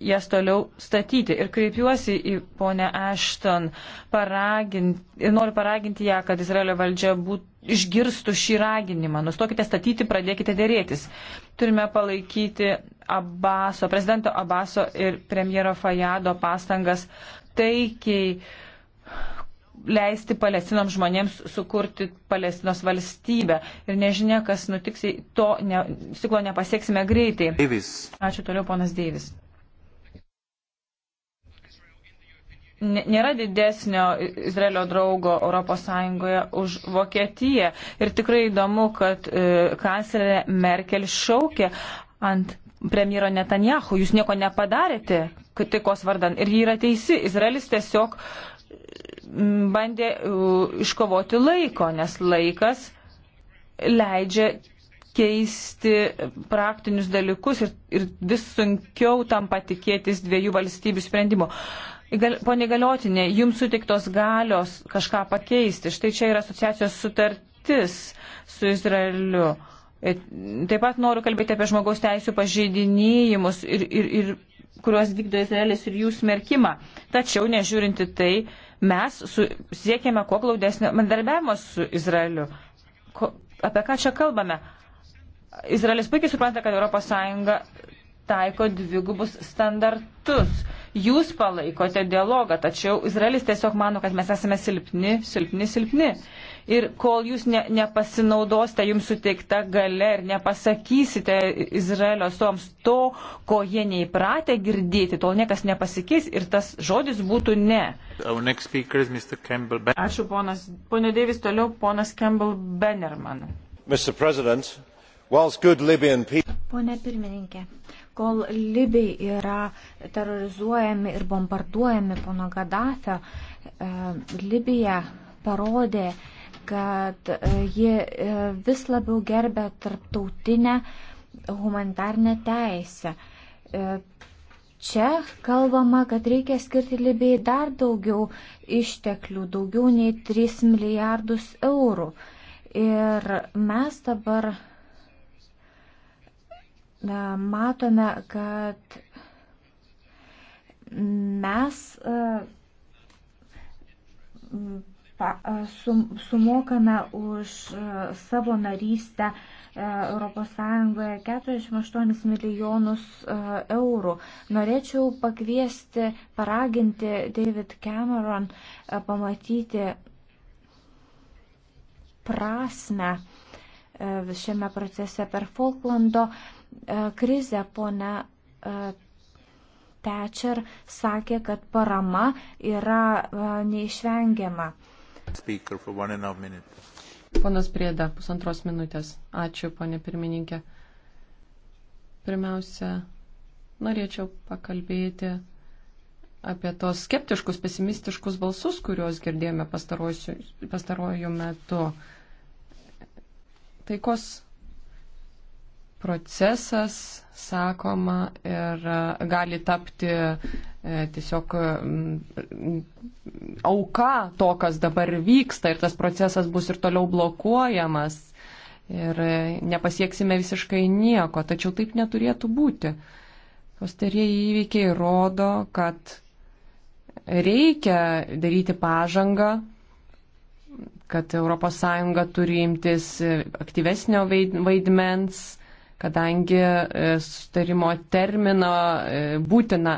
S1: jas toliau statyti. Ir kreipiuosi į ponę Ashton, paragint, noriu paraginti ją, kad Izraelio valdžia būt, išgirstų šį raginimą. Nustokite statyti, pradėkite dėrėtis. Turime palaikyti Abaso, prezidento Abaso ir premjero Fajado pastangas taikiai leisti palestinom žmonėms sukurti Palestinos valstybę. Ir nežinia, kas nutiks, to ne, stiklo nepasieksime greitai. Davis. Ačiū toliau, ponas Deivis. nėra didesnio Izraelio draugo ES už Vokietiją. Ir tikrai įdomu, kad e, kanclerė Merkel šaukė ant premjero Netanjahu, jūs nieko nepadarėte taikos vardan. Ir ji yra teisi, Izraelis tiesiog bandė iškovoti laiko, nes laikas leidžia keisti praktinius dalykus ir, ir vis sunkiau tam patikėtis dviejų valstybių sprendimu. Uh, Pone galiotinė, jums sutiktos galios kažką pakeisti. Štai čia yra asociacijos sutartis su Izraeliu. E, taip pat noriu kalbėti apie žmogaus teisų pažeidinėjimus, ir, ir, ir, kuriuos vykdo Izraelis ir jų smerkimą. Tačiau, nežiūrinti tai, mes su, siekėme kuo glaudesnio bendarbiavimo su Izraeliu. Ko, apie ką čia kalbame? Izraelis puikiai supranta, kad ES taiko dvigubus standartus. Jūs palaikote dialogą, tačiau Izraelis tiesiog mano, kad mes esame silpni, silpni, silpni. Ir kol jūs ne, nepasinaudosite jums suteikta gale ir nepasakysite Izraelio suoms to, ko jie neįpratę girdėti, tol niekas nepasikeis ir tas žodis būtų ne. Ačiū ponas. Pone Deivis, toliau ponas
S2: Campbell Bannerman. Pone pirmininkė, Kol Libiai yra terrorizuojami ir bombarduojami pono Gaddafio, e, Libija parodė, kad e, ji e, vis labiau gerbė tarptautinę humanitarnę teisę. Čia kalbama, kad reikia skirti Libijai dar daugiau išteklių, daugiau nei 3 milijardus eurų. Ir mes dabar matome, kad mes e, e, sumokame už e, savo narystę ES 48 milijonus eurų. Norėčiau pakviesti, paraginti David Cameron pamatyti prasme šiame procese per Falklando uh, E, krizę, pone e, Tečer sakė, kad parama yra e, neišvengiama.
S3: Ponas Prieda, pusantros minutės. Ačiū, ponė pirmininkė. Pirmiausia, norėčiau pakalbėti apie tos skeptiškus, pesimistiškus balsus, kuriuos girdėjome pastaruoju metu. Taikos procesas, sakoma, ir e, gali tapti e, tiesiog auka to, kas dabar vyksta ir tas procesas bus ir toliau blokuojamas ir e, nepasieksime visiškai nieko, tačiau taip neturėtų būti. Pastarieji įvykiai rodo, kad reikia daryti pažangą, kad ES turi imtis aktyvesnio vaidmens kadangi e, sustarimo termino e, būtina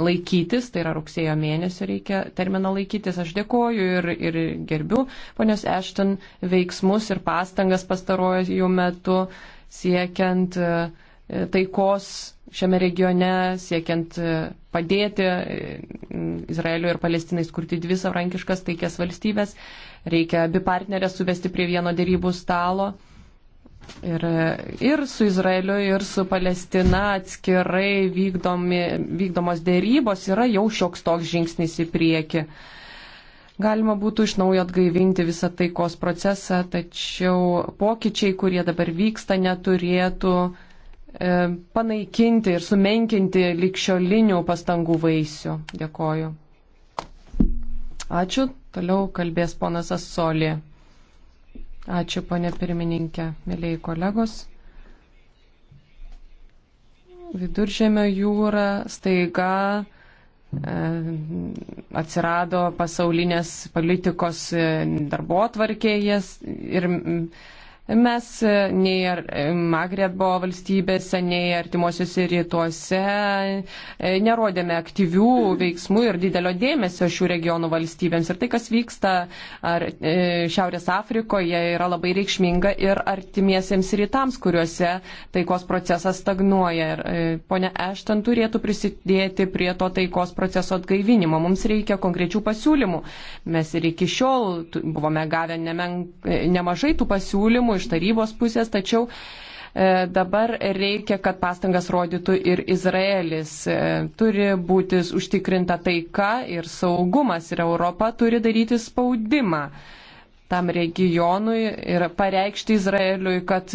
S3: laikytis, tai yra rugsėjo mėnesio reikia termino laikytis. Aš dėkoju ir, ir gerbiu ponios Ešten veiksmus ir pastangas pastarojų metu siekiant e, taikos šiame regione, siekiant padėti Izraeliui ir Palestinai skurti dvi savrankiškas taikės valstybės. Reikia abi partnerės suvesti prie vieno dėrybų stalo. Ir, ir su Izraeliu, ir su Palestina atskirai vykdomi, vykdomos dėrybos yra jau šioks toks žingsnis į priekį. Galima būtų iš naujo atgaivinti visą taikos procesą, tačiau pokyčiai, kurie dabar vyksta, neturėtų e, panaikinti ir sumenkinti likščiolinių pastangų vaisių. Dėkoju. Ačiū. Toliau kalbės ponas Asolė. Ačiū, ponė pirmininkė, mėlyi kolegos. Viduržėmio jūra staiga e, atsirado pasaulinės politikos e, darbo atvarkėjas ir Mes e, nei e, Magrebo valstybėse, nei artimuosiuose rytuose e, nerodėme aktyvių veiksmų ir didelio dėmesio šių regionų valstybėms. Ir tai, kas vyksta ar, Šiaurės Afrikoje, yra labai reikšminga ir artimiesiems rytams, kuriuose taikos procesas stagnuoja. Ir ponia Ešton turėtų prisidėti prie to taikos proceso atgaivinimo. Mums reikia konkrečių pasiūlymų. Mes ir iki šiol buvome gavę nemen, nemažai tų pasiūlymų iš tarybos pusės, tačiau e, dabar reikia, kad pastangas rodytų ir Izraelis. E, turi būti užtikrinta taika ir saugumas ir Europa turi daryti spaudimą tam regionui ir pareikšti Izraeliui, kad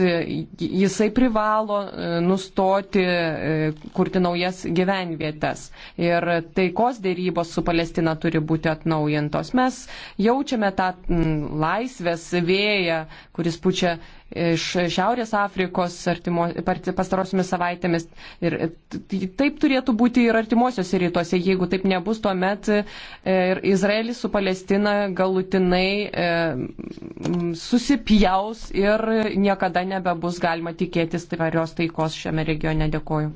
S3: jisai privalo e, nustoti e, kurti naujas gyvenvietas. Ir taikos dėrybos su Palestina turi būti atnaujintos. Mes jaučiame tą laisvės vėją, kuris pučia iš Šiaurės Afrikos artimo, pastarosiomis savaitėmis. Ir e, taip turėtų būti ir artimuosiuose rytuose. Jeigu taip nebus, tuomet e, ir Izraelis su Palestina galutinai e, susipjaus ir niekada nebebus galima tikėtis tvarios taikos šiame regione. Dėkoju.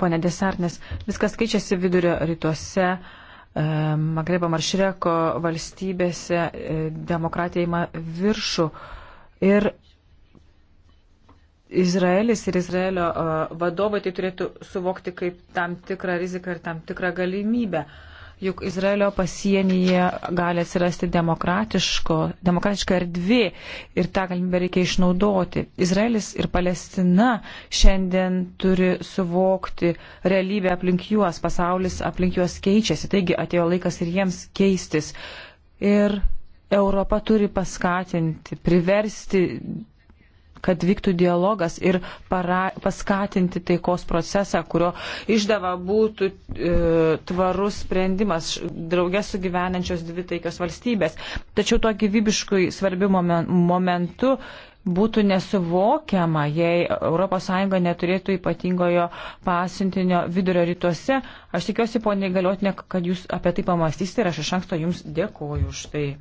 S3: Pone Desarnes, viskas keičiasi vidurio rytuose. E,
S1: Magrebo maršreko valstybėse demokratija ima viršų. Ir Izraelis ir Izraelio vadovai tai turėtų suvokti kaip tam tikrą riziką ir tam tikrą galimybę. Juk Izraelio pasienyje gali atsirasti demokratiška erdvė ir tą galimybę reikia išnaudoti. Izraelis ir Palestina šiandien turi suvokti realybę aplink juos, pasaulis aplink juos keičiasi, taigi atėjo laikas ir jiems keistis. Ir Europa turi paskatinti, priversti, kad vyktų dialogas ir para, paskatinti taikos procesą, kurio išdava būtų e, tvarus sprendimas draugės sugyvenančios dvi taikios valstybės. Tačiau tuo gyvybiškai svarbiu momen, momentu būtų nesuvokiama, jei ES neturėtų ypatingojo pasintinio vidurio rytuose. Aš tikiuosi, poniai galiotinė, kad jūs apie tai pamastysite ir aš iš anksto jums dėkoju už tai.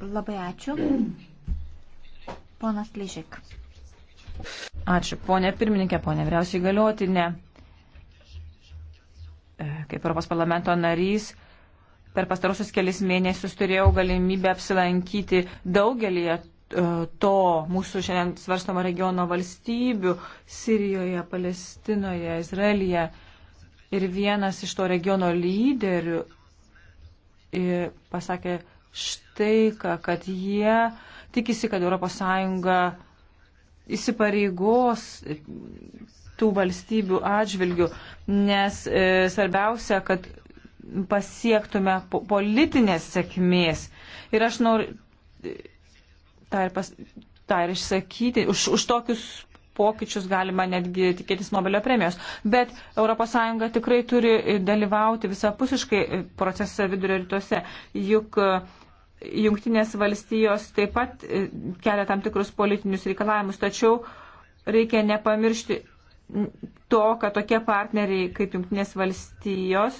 S2: Labai ačiū. Ponas Lyžik.
S1: Ačiū, ponė pirmininkė, ponė vyriausiai galiotinė. E, kaip Europos parlamento narys, Per pastarosius kelis mėnesius turėjau galimybę apsilankyti daugelį e, to mūsų šiandien svarstamo regiono valstybių - Sirijoje, Palestinoje, Izraelyje. Ir vienas iš to regiono lyderių pasakė štai, kad jie tikisi, kad ES įsipareigos tų valstybių atžvilgių, nes e, svarbiausia, kad pasiektume politinės sėkmės. Ir aš noriu e, tą ir, pas, tą ir išsakyti. Už, už tokius pokyčius galima netgi tikėtis Nobelio premijos. Bet ES tikrai turi dalyvauti visapusiškai e, procese vidurio rytuose. Juk e, Jungtinės valstijos taip pat kelia tam tikrus politinius reikalavimus, tačiau reikia nepamiršti to, kad tokie partneriai kaip Junktinės valstijos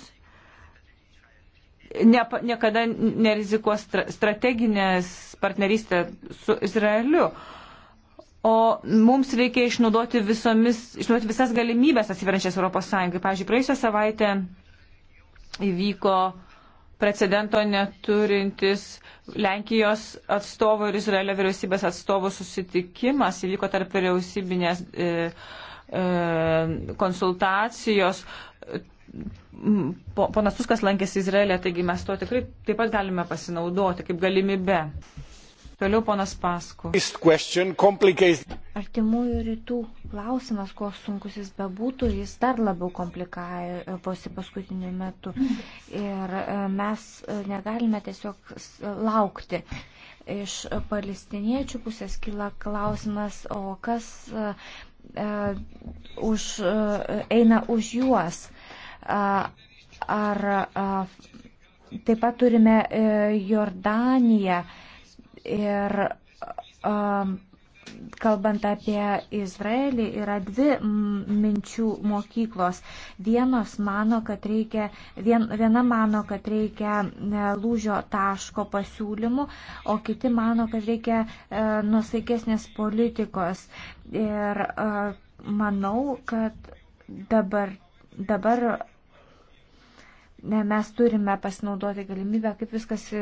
S1: ne, niekada nerizikuos stra, strateginės partnerystė su Izraeliu. O mums reikia išnaudoti, visomis, išnaudoti visas galimybės atsiverančias Europos Sąjungai. Pavyzdžiui, praėjusią savaitę įvyko precedento neturintis Lenkijos atstovų ir Izraelio vyriausybės atstovų susitikimas. Įvyko tarp vyriausybinės e, e, konsultacijos ponas Tuskas lankėsi Izraelė, taigi mes to tikrai taip pat galime pasinaudoti kaip galimybę. Toliau ponas Pasku.
S2: Artimųjų rytų klausimas, kuo sunkus jis bebūtų, jis dar labiau komplikavosi paskutiniu metu. Ir e, mes e, negalime tiesiog e, laukti. Iš palestiniečių pusės kyla klausimas, o kas uh, už, uh, eina už juos. Ar taip pat turime e, Jordaniją ir kalbant apie Izraelį, yra dvi minčių mokyklos. Vienos mano, kad reikia, vien, viena mano, kad reikia e, lūžio taško pasiūlymų, o kiti mano, kad reikia e, nusaikesnės politikos. Ir e, manau, kad dabar, dabar ne, mes turime pasinaudoti galimybę, kaip viskas e,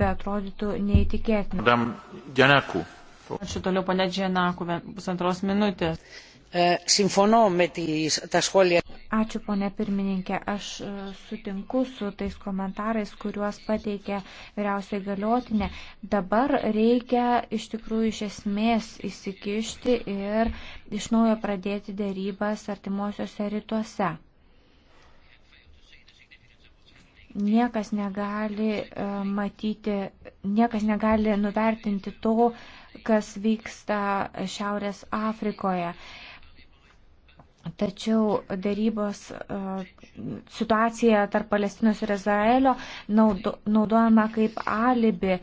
S2: be atrodytų neįtikėtina.
S1: Dam Džanaku. Ačiū toliau, pane Džanaku, pusantros minutės. E,
S2: Ačiū, ponė pirmininkė. Aš e, sutinku su tais komentarais, kuriuos pateikė vyriausiai galiotinė. Dabar reikia iš tikrųjų iš esmės įsikišti ir iš naujo pradėti dėrybas artimuosiuose rytuose. Niekas negali e, matyti, niekas negali nuvertinti to, kas vyksta Šiaurės Afrikoje. Tačiau darybos e, situacija tarp Palestinos ir Izraelio naudojama kaip alibi e,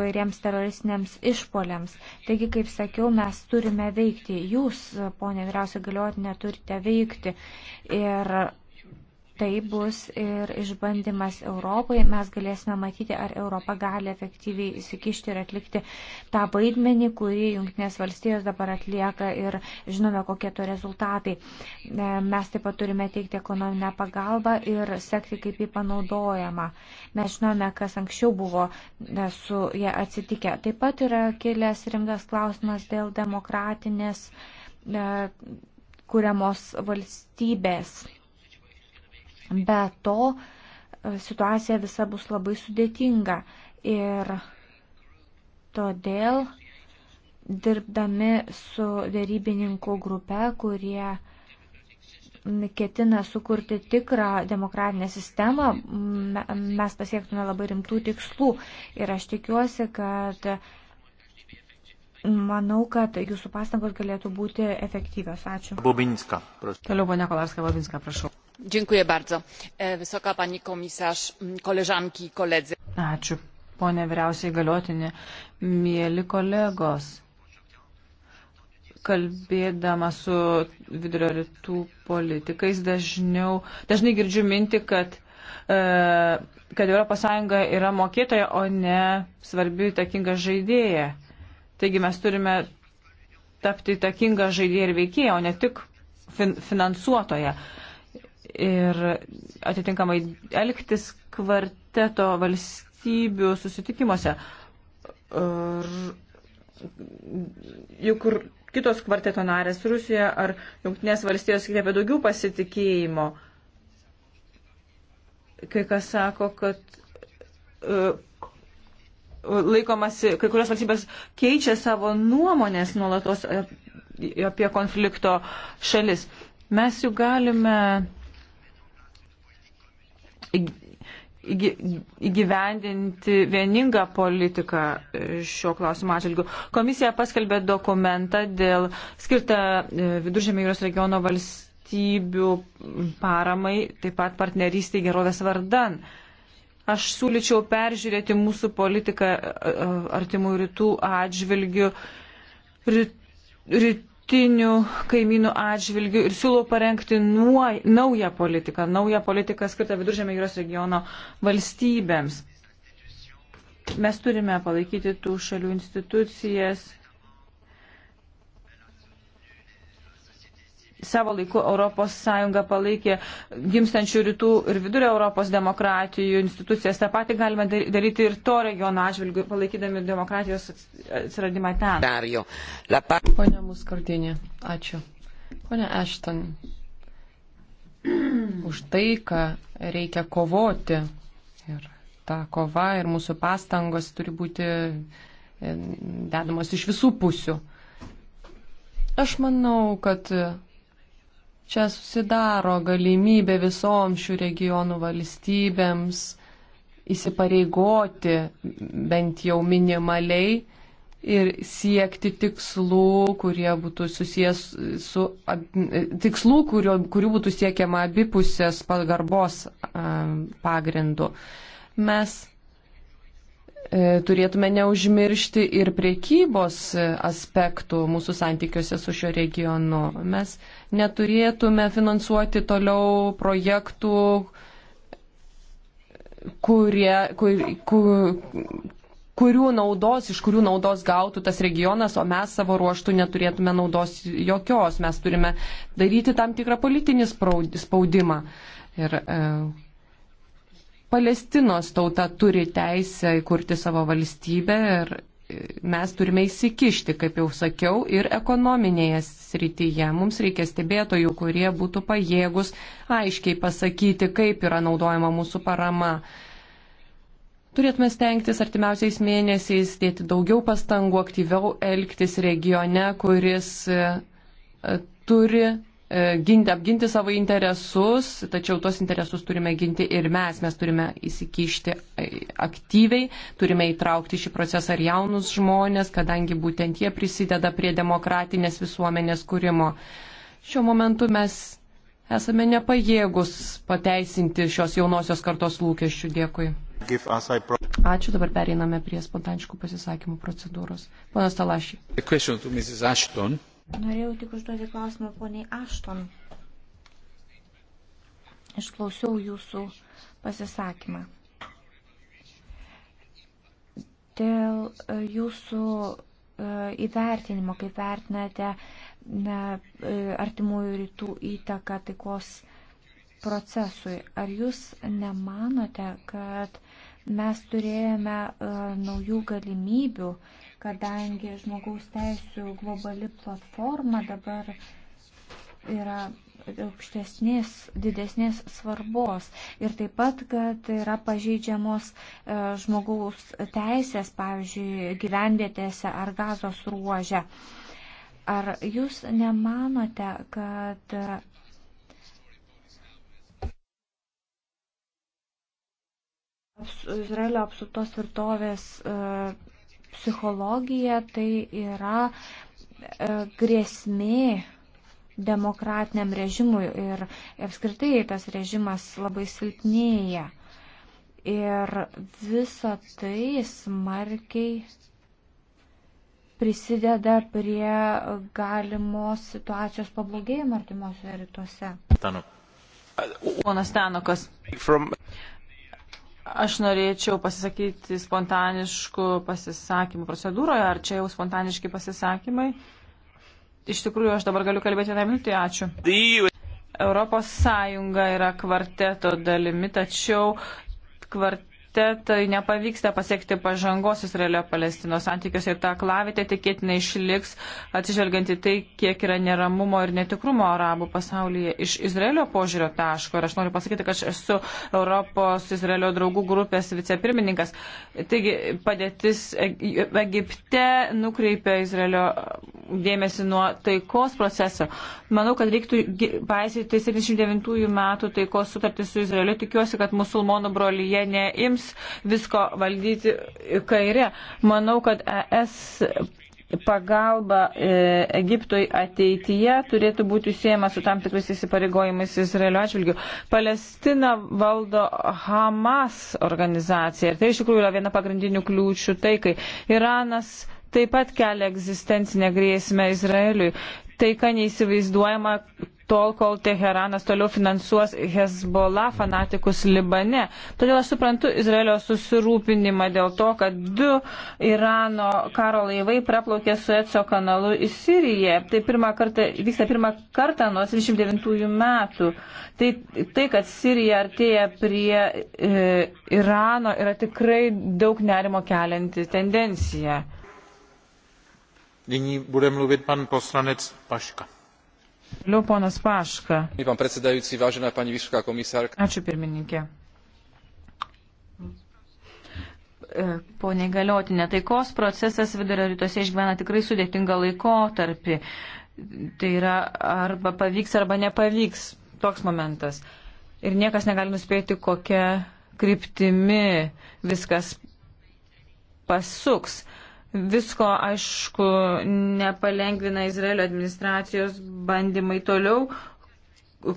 S2: vairiems teroristiniams išpoliams. Taigi, kaip sakiau, mes turime veikti. Jūs, ponė vyriausia galiotinė, turite veikti. Ir tai bus ir išbandymas Europai. Mes galėsime matyti, ar Europa gali efektyviai įsikišti ir atlikti tą vaidmenį, kurį Junktinės valstijos dabar atlieka ir žinome, kokie to rezultatai. E, mes taip pat turime teikti ekonominę pagalbą ir sekti, kaip jį panaudojama. Mes žinome, kas anksčiau buvo e, su jie atsitikę. Taip pat yra kilęs rimtas klausimas dėl demokratinės e, kuriamos valstybės Be to, situacija visa bus labai sudėtinga ir todėl dirbdami su dėrybininkų grupe, kurie ketina sukurti tikrą demokratinę sistemą, mes pasiektume labai rimtų tikslų. Ir aš tikiuosi, kad manau, kad jūsų pastangos galėtų būti efektyvios. Ačiū.
S1: Bobinska, prašau.
S2: Toliau, ponia Kolarska, Bobinska, prašau.
S3: E, wysoka pani komisarz koleżanki i koledzy
S1: ačiū pone vyriausioji įgaliotine mieli kolegos kalbėdama su vidurio rytų politikais dažniau, dažnai girdžiu mintį, kad, e, kad ES yra mokėtoja, o ne svarbi įtakinga žaidėja. Taigi mes turime tapti įtakinga žaidėja ir veikėja, o ne tik fin, finansuotoja. E, ir atitinkamai elgtis kvarteto valstybių susitikimuose. Juk kitos kvarteto narės Rusija ar Junktinės valstijos kreikia daugiau pasitikėjimo. Kai kas sako, kad uh, laikomasi, kai kurios valstybės keičia savo nuomonės nuolatos apie konflikto šalis. Mes juk galime įgyvendinti vieningą politiką šio klausimo atžvilgiu. Komisija paskelbė dokumentą dėl skirtą e, Viduržėmė jūros regiono valstybių paramai, taip pat partnerystė gerovės vardan. Aš siūlyčiau peržiūrėti mūsų politiką e, e, artimų rytų atžvilgių. Ryt, ryt, rytinių kaimynų atžvilgių ir siūlau parengti nuoj, naują politiką, naują politiką skirtą Viduržėmio jūros regiono valstybėms. Mes turime palaikyti tų šalių institucijas, savo laiku ES palaikė gimstančių rytų ir vidurio Europos demokratijų institucijas. Ta pati galime daryti ir to regiono atžvilgių, palaikydami demokratijos atsiradimą ten. Pone
S3: Muskardinė, ačiū. Pone Ešton, *clears throat* už taiką reikia kovoti. Ir ta kova ir mūsų pastangos turi būti e, dedamos iš visų pusių. Aš manau, kad Čia susidaro galimybė visoms šių regionų valstybėms įsipareigoti bent jau minimaliai ir siekti tikslų, kurie būtų susijęs su tikslų, kurio, kurių būtų siekiama abipusės pagarbos pagrindu. Mes E, turėtume neužmiršti ir priekybos e, aspektų mūsų santykiuose su šio regionu. Mes neturėtume finansuoti toliau projektų, kurie, kur, kur, kurių naudos, iš kurių naudos gautų tas regionas, o mes savo ruoštų neturėtume naudos jokios. Mes turime daryti tam tikrą politinį spaudimą. Ir, uh, Palestinos tauta turi teisę įkurti savo valstybę ir mes turime įsikišti, kaip jau sakiau, ir ekonominėje srityje. Mums reikia stebėtojų, kurie būtų pajėgus aiškiai pasakyti, kaip yra naudojama mūsų parama. Turėtume stengtis artimiausiais mėnesiais dėti daugiau pastangų, aktyviau elgtis regione, kuris e, turi E, ginti, apginti savo interesus, tačiau tuos interesus turime ginti ir mes, mes turime įsikišti e, aktyviai, turime įtraukti šį procesą ir jaunus žmonės, kadangi būtent jie prisideda prie demokratinės visuomenės kūrimo. Šiuo momentu mes esame nepajėgus pateisinti šios jaunosios kartos lūkesčių. Dėkui.
S2: Ačiū,
S3: dabar pereiname prie spontaniškų pasisakymų procedūros. Ponas Talašy.
S2: Norėjau tik užduoti klausimą poniai Ašton. Išklausiau jūsų pasisakymą. Dėl e, jūsų e, įvertinimo, kaip vertinate e, artimųjų rytų įtaką taikos procesui, ar jūs nemanote, kad mes turėjome naujų galimybių kadangi žmogaus teisų globali platforma dabar yra aukštesnės, didesnės svarbos. Ir taip pat, kad yra pažeidžiamos e, žmogaus teisės, pavyzdžiui, gyvendėtėse ar gazos ruožė. Ar jūs nemanote, kad e, Izraelio apsuptos tvirtovės e, psichologija tai yra e, grėsmė demokratiniam režimui ir apskritai tas režimas labai silpnėja. Ir visa tai smarkiai prisideda prie galimos situacijos pablogėjimo artimuose rytuose. Ponas
S1: Tenokas. From... Aš norėčiau pasisakyti spontaniškų pasisakymų procedūroje. Ar čia jau spontaniški pasisakymai? Iš tikrųjų, aš dabar galiu kalbėti vieną minutę. Ačiū. Europos Sąjunga yra kvarteto dalimi, tačiau kvart, kvartetui nepavyksta pasiekti pažangos Izraelio Palestinos santykiuose ir tą klavitę tikėtinai išliks, atsižvelgiant į tai, kiek yra neramumo ir netikrumo arabų pasaulyje iš Izraelio požiūrio taško. Ir aš noriu pasakyti, kad aš esu Europos Izraelio draugų grupės vicepirmininkas. Taigi padėtis Egipte nukreipia Izraelio dėmesį nuo taikos proceso. Manau, kad reiktų paisyti 79 metų taikos sutartį su Izraeliu. Tikiuosi, kad musulmonų brolyje neims ims visko valdyti kairė. Manau, kad ES pagalba e, Egiptui ateityje turėtų būti siejama su tam tikrais įsipareigojimais Izraelio atžvilgiu. Palestina valdo Hamas organizaciją ir tai iš tikrųjų yra viena pagrindinių kliūčių taikai. Iranas taip pat kelia egzistencinę grėsmę Izraeliui taika neįsivaizduojama tol, kol Teheranas toliau finansuos Hezbollah fanatikus Libane. Todėl aš suprantu Izraelio susirūpinimą dėl to, kad du Irano karo laivai praplaukė Sueco kanalu į Siriją. Tai pirmą kartą, vyksta pirmą kartą nuo 79 metų. Tai, tai, kad Sirija artėja prie e, Irano, yra tikrai daug nerimo kelianti tendencija.
S2: Nyní bude mluvit pan poslanec Paška.
S1: Liau ponas Paška.
S2: Pán predsedajúci, vážená pani vysoká komisárka.
S1: Ačiū pirmininkė. E, pone galiotinė, taikos procesas vidurio rytuose išgyvena tikrai sudėtingą laikotarpį. Tai yra arba pavyks, arba nepavyks. Toks momentas. Ir niekas negali nuspėti, kokia kryptimi viskas pasuks. Visko, aišku, nepalengvina Izraelio administracijos bandymai toliau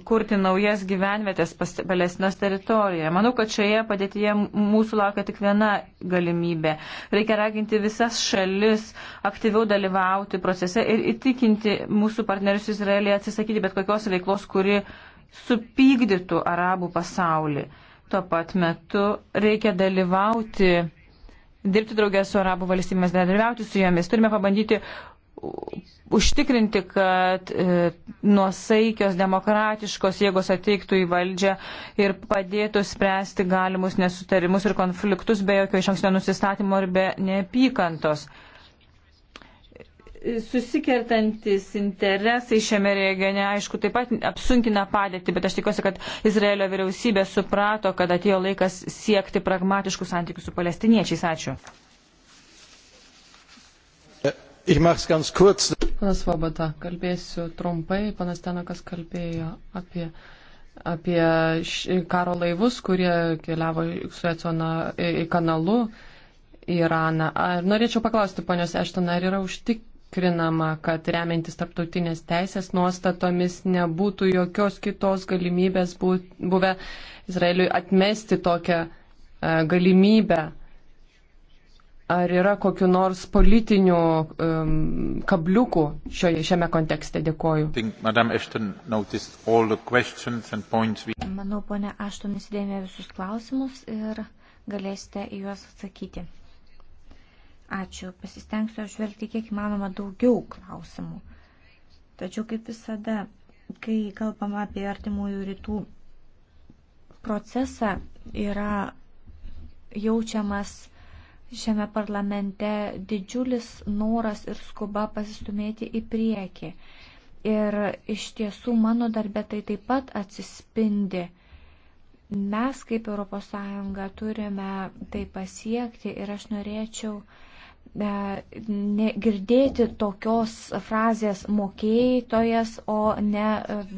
S1: kurti naujas gyvenvietės Palestinos teritorijoje. Manau, kad šioje padėtyje mūsų laukia tik viena galimybė. Reikia raginti visas šalis aktyviau dalyvauti procese ir įtikinti mūsų partnerius Izraelį atsisakyti bet kokios veiklos, kuri supykdytų arabų pasaulį. Tuo pat metu reikia dalyvauti dirbti draugę su arabų valstybėmis, bendradarbiauti su jomis. Turime pabandyti užtikrinti, kad e, nuosaikios demokratiškos jėgos ateiktų į valdžią ir padėtų spręsti galimus nesutarimus ir konfliktus be jokio iš anksto nusistatymo ir be neapykantos. E, susikertantis interesai šiame regione, aišku, taip pat apsunkina padėtį, bet aš tikiuosi, kad Izraelio vyriausybė suprato, kad atėjo laikas siekti pragmatiškų santykių su palestiniečiais. Ačiū. Eh,
S3: Panas Vabata, kalbėsiu trumpai. Panas Tenakas kalbėjo apie, apie karo laivus, kurie keliavo Sueco kanalu. Iraną. Ar norėčiau paklausti, ponios Ešton, ar yra užtik, užtikrinama, kad remiantis tarptautinės teisės nuostatomis nebūtų jokios kitos galimybės būt, buvę Izraeliui atmesti tokią e, galimybę. Ar yra kokiu nors politinių um, e, kabliukų šioje, šiame kontekste? Dėkoju.
S2: Manau, ponia Ašton įsidėmė visus klausimus ir galėsite į juos atsakyti. Ačiū. Pasistengsiu apžvelgti kiek įmanoma daugiau klausimų. Tačiau kaip visada, kai kalbama apie artimųjų rytų procesą, yra jaučiamas šiame parlamente didžiulis noras ir skuba pasistumėti į priekį. Ir iš tiesų mano darbė tai taip pat atsispindi mes kaip ES turime tai pasiekti ir aš norėčiau girdėti tokios frazės mokėtojas, o ne,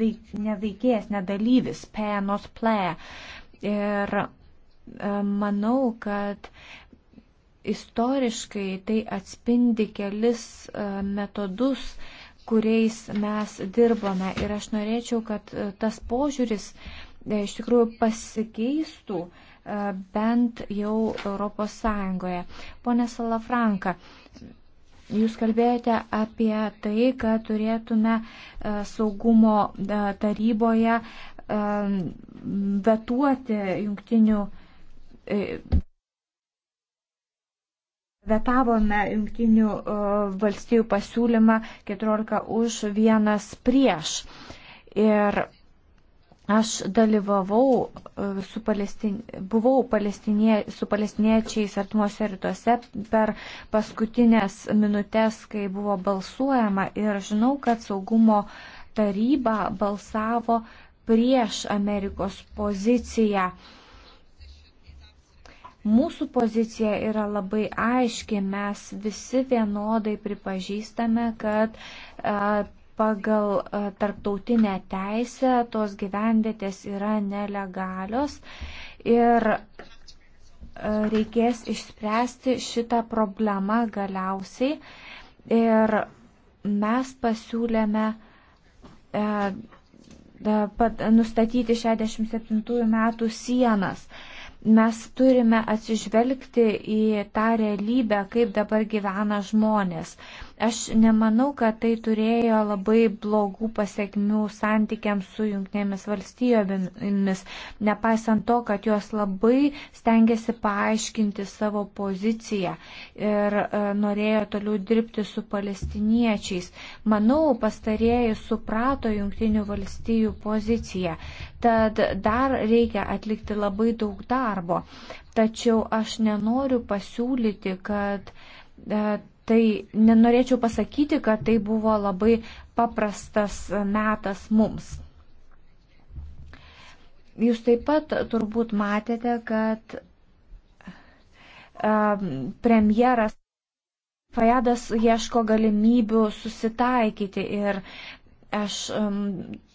S2: veik, ne veikėjas, ne dalyvis, pay not play. Ir e, manau, kad istoriškai tai atspindi kelis e, metodus, kuriais mes dirbame. Ir aš norėčiau, kad e, tas požiūris iš tikrųjų pasikeistų. Uh, E, bent jau Europos Sąjungoje. Pone Salafranka, Jūs kalbėjote apie tai, kad turėtume e, saugumo e, taryboje vetuoti jungtinių. Vetavome jungtinių valstybių pasiūlymą 14 už, 1 prieš. Ir Aš dalyvavau e, su palestin... buvau palestinie... su palestiniečiais artimuose rytuose per paskutinės minutės, kai buvo balsuojama ir žinau, kad saugumo taryba balsavo prieš Amerikos poziciją. Mūsų pozicija yra labai aiški, mes visi vienodai pripažįstame, kad e, pagal e, tarptautinę teisę tos gyvenvietės yra nelegalios ir e, reikės išspręsti šitą problemą galiausiai. Ir mes pasiūlėme e, e nustatyti 67 metų sienas. Mes turime atsižvelgti į tą realybę, kaip dabar gyvena žmonės. Aš nemanau, kad tai turėjo labai blogų pasiekmių santykiams su jungtinėmis valstybėmis, nepaisant to, kad jos labai stengiasi paaiškinti savo poziciją ir e, norėjo toliau dirbti su palestiniečiais. Manau, pastarieji suprato jungtinių valstybių poziciją. Tad dar reikia atlikti labai daug darbo darbo. Tačiau aš nenoriu pasiūlyti, kad e, tai, nenorėčiau pasakyti, kad tai buvo labai paprastas metas mums. Jūs taip pat turbūt matėte, kad e, premjeras Fajadas ieško galimybių susitaikyti ir Aš um,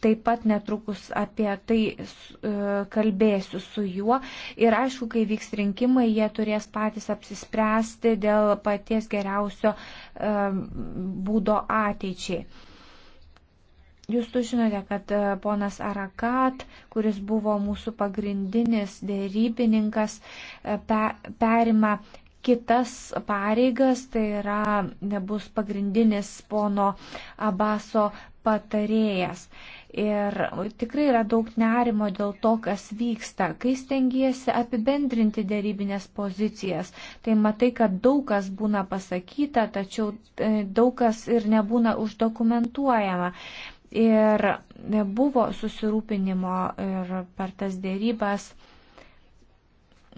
S2: taip pat netrukus apie tai uh, kalbėsiu su juo. Ir aišku, kai vyks rinkimai, jie turės patys apsispręsti dėl paties geriausio um, būdo ateičiai. Jūs tu žinote, kad e, ponas Arakat, kuris buvo mūsų pagrindinis dėrybininkas, e, pe, perima kitas pareigas, tai yra nebus pagrindinis pono Abaso patarėjas. Ir tikrai yra daug nerimo dėl to, kas vyksta. Kai stengiesi apibendrinti dėrybinės pozicijas, tai matai, kad daug kas būna pasakyta, tačiau e, daug kas ir nebūna uždokumentuojama. Ir buvo susirūpinimo ir per tas dėrybas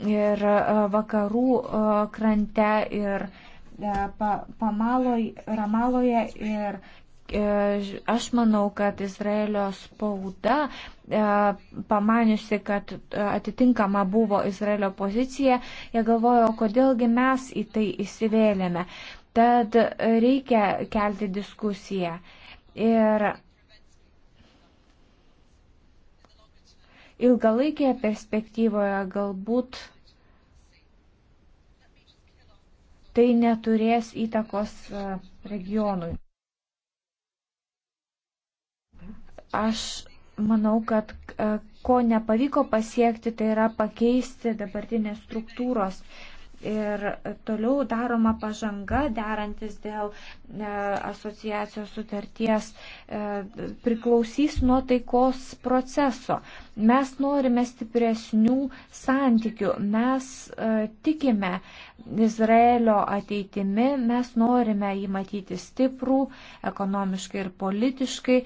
S2: ir e, vakarų e, krante ir e, Pamaloj, Ramaloje ir aš manau, kad Izraelio spauda, pamaniusi, kad atitinkama buvo Izraelio pozicija, jie galvojo, kodėlgi mes į tai įsivėlėme. Tad reikia kelti diskusiją. Ir Ilgalaikėje perspektyvoje galbūt tai neturės įtakos e, regionui. Aš manau, kad e, ko nepavyko pasiekti, tai yra pakeisti dabartinės struktūros ir toliau daroma pažanga derantis dėl e, asociacijos sutarties e, priklausys nuo taikos proceso. Mes norime stipresnių santykių, mes e, tikime Izraelio ateitimi mes norime jį matyti stiprų ekonomiškai ir politiškai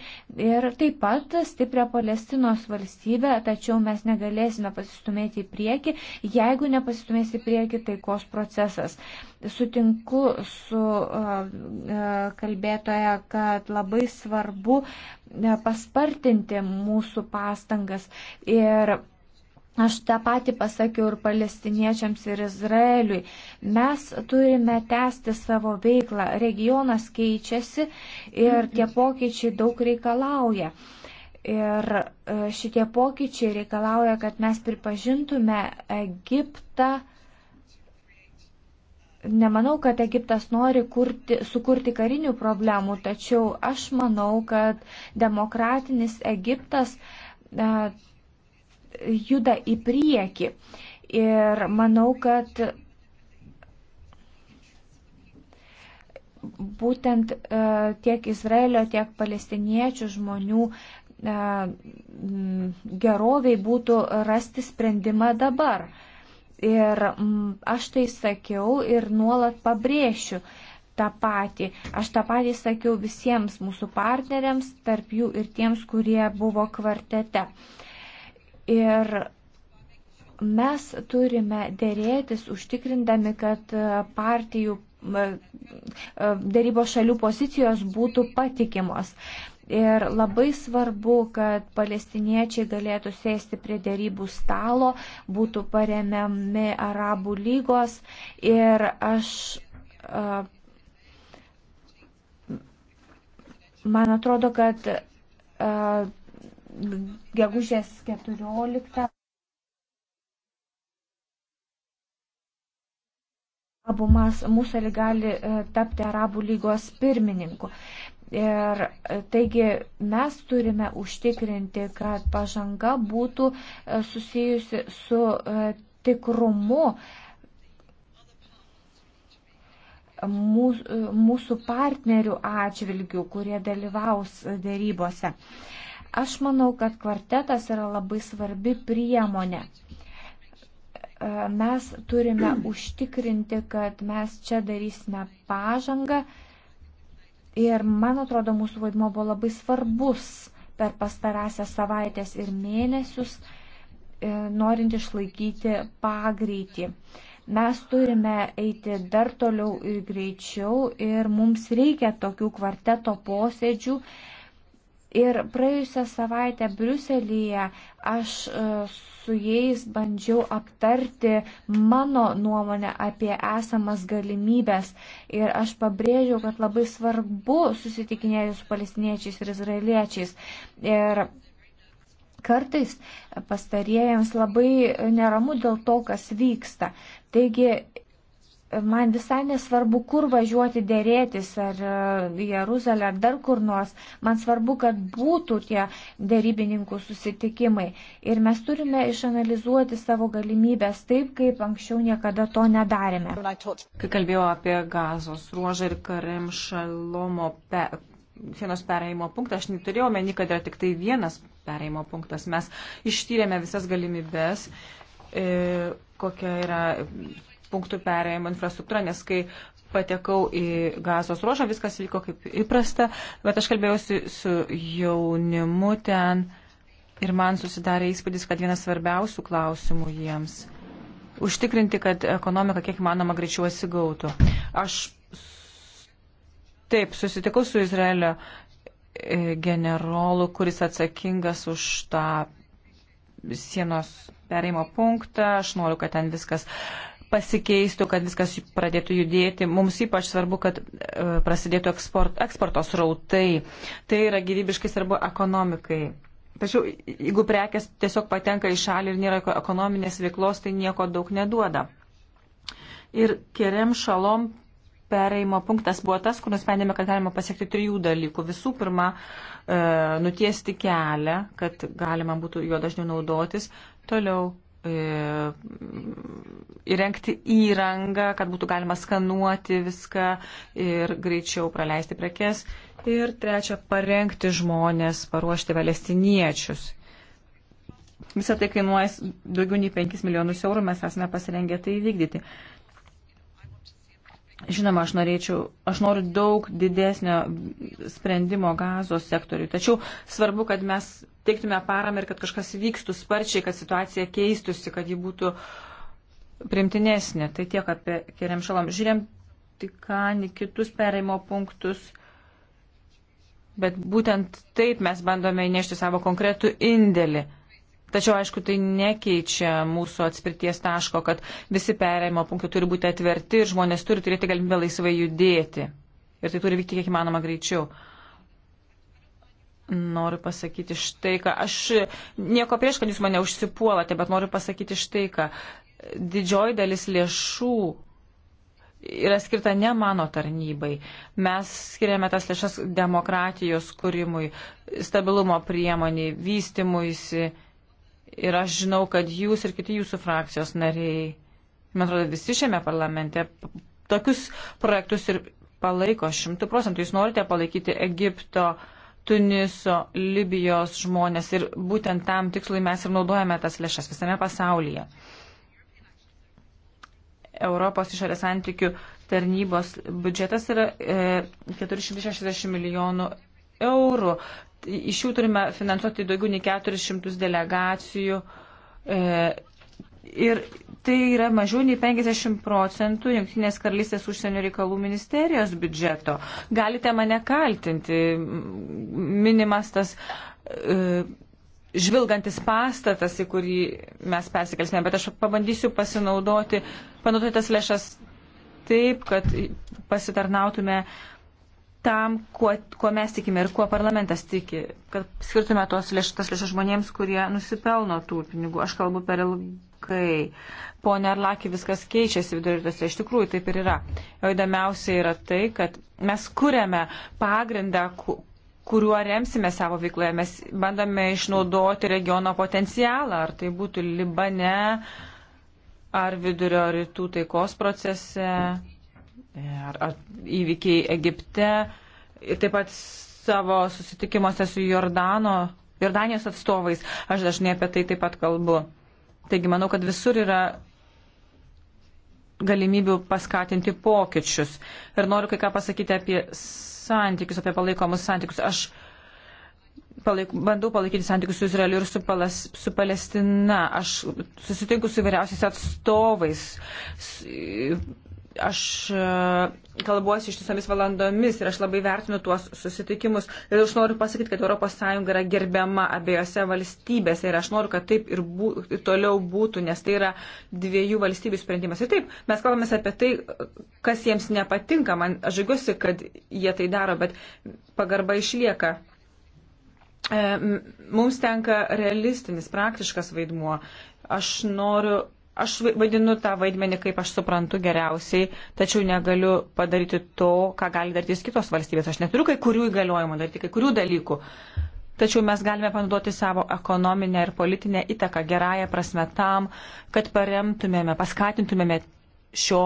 S2: ir taip pat stiprią Palestinos valstybę, tačiau mes negalėsime pasistumėti į priekį, jeigu nepasistumės į priekį taikos procesas. Sutinku su kalbėtoja, kad labai svarbu paspartinti mūsų pastangas ir Aš tą patį pasakiau ir palestiniečiams, ir Izraeliui. Mes turime tęsti savo veiklą. Regionas keičiasi ir tie pokyčiai daug reikalauja. Ir e, šitie pokyčiai reikalauja, kad mes pripažintume Egiptą. Nemanau, kad Egiptas nori kurti, sukurti karinių problemų, tačiau aš manau, kad demokratinis Egiptas. E, juda į priekį. Ir manau, kad būtent e, tiek Izraelio, tiek palestiniečių žmonių e, geroviai būtų rasti sprendimą dabar. Ir aš tai sakiau ir nuolat pabrėšiu tą patį. Aš tą patį sakiau visiems mūsų partneriams, tarp jų ir tiems, kurie buvo kvartete. Uh, Ir mes turime dėrėtis užtikrindami, kad e, partijų e, e, dėrybo šalių pozicijos būtų patikimos. Ir labai svarbu, kad palestiniečiai galėtų sėsti prie dėrybų stalo, būtų paremiami Arabų lygos. Ir aš, man atrodo, kad gegužės 14. Abumas Musali gali e, tapti Arabų lygos pirmininku. Ir e, taigi mes turime užtikrinti, kad pažanga būtų e, susijusi su tikrumu mūsų partnerių atžvilgių, kurie dalyvaus dėrybose. Aš manau, kad kvartetas yra labai svarbi priemonė. E, mes turime *clears throat* užtikrinti, kad mes čia darysime pažangą ir, man atrodo, mūsų vaidmo buvo labai svarbus per pastarąsią savaitės ir mėnesius, e, norint išlaikyti pagreitį. Mes turime eiti dar toliau ir greičiau ir mums reikia tokių kvarteto posėdžių, Ir praėjusią savaitę Briuselyje aš e, su jais bandžiau aptarti mano nuomonę apie esamas galimybės. Ir aš pabrėžiau, kad labai svarbu susitikinėti su palestiniečiais ir izraeliečiais. Ir kartais pastarėjams labai neramu dėl to, kas vyksta. Taigi man visai nesvarbu, kur važiuoti dėrėtis, ar e, Jeruzalė, ar dar kur nors. Man svarbu, kad būtų tie dėrybininkų susitikimai. Ir mes turime išanalizuoti savo galimybės taip, kaip anksčiau niekada to nedarėme.
S1: Kai kalbėjau apie gazos ruožą ir karem šalomo pe, sienos pereimo punktą, aš neturėjau meni, kad yra tik tai vienas pereimo punktas. Mes ištyrėme visas galimybės. E, kokia yra punktų perėjimo infrastruktūra, nes kai patekau į gazos ruožą, viskas vyko kaip įprasta, bet aš kalbėjausi su jaunimu ten ir man susidarė įspūdis, kad vienas svarbiausių klausimų jiems - užtikrinti, kad ekonomika kiek manoma greičiau atsigautų. Aš taip susitikau su Izraelio e, generolu, kuris atsakingas už tą sienos pereimo punktą, aš noriu, kad ten viskas pasikeistų, kad viskas pradėtų judėti. Mums ypač svarbu, kad e, prasidėtų eksport, eksporto srautai. Tai yra gyvybiškai svarbu ekonomikai. Tačiau jeigu prekes tiesiog patenka į šalį ir nėra ekonominės veiklos, tai nieko daug neduoda. Ir kerem šalom pereimo punktas buvo tas, kur nusprendėme, kad galima pasiekti trijų dalykų. Visų pirma, e, nutiesti kelią, kad galima būtų juo dažniau naudotis. Toliau E, įrengti įrangą, kad būtų galima skanuoti viską ir greičiau praleisti prekes. Ir trečia, parengti žmonės, paruošti palestiniečius. Visą tai kainuoja daugiau nei 5 milijonus eurų, mes esame pasirengę tai vykdyti. Žinoma, aš, norėčiau, aš noriu daug didesnio sprendimo gazos sektoriui, tačiau svarbu, kad mes teiktume paramą ir kad kažkas vykstų sparčiai, kad situacija keistusi, kad ji būtų primtinesnė. Tai tiek apie Kerem Šalom. Žiūrėm tik kitus pereimo punktus, bet būtent taip mes bandome įnešti savo konkretų indėlį. Tačiau, aišku, tai nekeičia mūsų atspirties taško, kad visi perėjimo punktai turi būti atverti ir žmonės turi turėti galimybę laisvai judėti. Ir tai turi vykti kiek įmanoma greičiau. Noriu pasakyti štai ką. Aš nieko prieš, kad jūs mane užsipuolate, bet noriu pasakyti štai ką. Didžioji dalis lėšų yra skirta ne mano tarnybai. Mes skiriame tas lėšas demokratijos kūrimui, stabilumo priemoniai, vystimuisi. Ir aš žinau, kad jūs ir kiti jūsų frakcijos nariai, man atrodo, visi šiame parlamente tokius projektus ir palaiko šimtų procentų. Jūs norite palaikyti Egipto, Tuniso, Libijos žmonės ir būtent tam tikslui mes ir naudojame tas lėšas visame pasaulyje. Europos išorės santykių tarnybos biudžetas yra e, 460 milijonų eurų. Tai iš jų turime finansuoti daugiau nei 400 delegacijų. E, ir tai yra mažiau nei 50 procentų Junktinės karalystės užsienio reikalų ministerijos biudžeto. Galite mane kaltinti, minimas tas. E, žvilgantis pastatas, į kurį mes persikelsime, bet aš pabandysiu pasinaudoti, panaudoti tas lėšas taip, kad pasitarnautume tam, kuo, kuo mes tikime ir kuo parlamentas tiki, kad skirtume tos lėšas, tas lėšas žmonėms, kurie nusipelno tų pinigų. Aš kalbu per ilgai. Pone Arlaki, viskas keičiasi vidurėtose. Iš tikrųjų, taip ir yra. O įdomiausia yra tai, kad mes kuriame pagrindą, kuriuo remsime savo veikloje. Mes bandome išnaudoti regiono potencialą, ar tai būtų Libane, ar vidurio rytų taikos procese. Mm ar, ar įvykiai Egipte ir taip pat savo susitikimuose su Jordano, Jordanijos atstovais. Aš dažnai apie tai taip pat kalbu. Taigi manau, kad visur yra galimybių paskatinti pokyčius. Ir noriu kai ką pasakyti apie santykius, apie palaikomus santykius. Aš palaik, bandau palaikyti santykius su Izraeliu ir su, palas, su Palestina. Aš susitinku su įvairiausiais atstovais. Su, aš e, kalbuosi ištisomis valandomis ir aš labai vertinu tuos susitikimus. Ir aš noriu pasakyti, kad ES yra gerbiama abiejose valstybėse ir aš noriu, kad taip ir, bū, ir toliau būtų, nes tai yra dviejų valstybių sprendimas. Ir taip, mes kalbame apie tai, kas jiems nepatinka. Man žaigusi, kad jie tai daro, bet pagarba išlieka. E, mums tenka realistinis, praktiškas vaidmuo. Aš noriu Aš vaidinu tą vaidmenį, kaip aš suprantu geriausiai, tačiau negaliu padaryti to, ką gali daryti kitos valstybės. Aš neturiu kai kurių įgaliojimų daryti, kai kurių dalykų. Tačiau mes galime panaudoti savo ekonominę ir politinę įtaką gerąją prasme tam, kad paremtumėme, paskatintumėme šio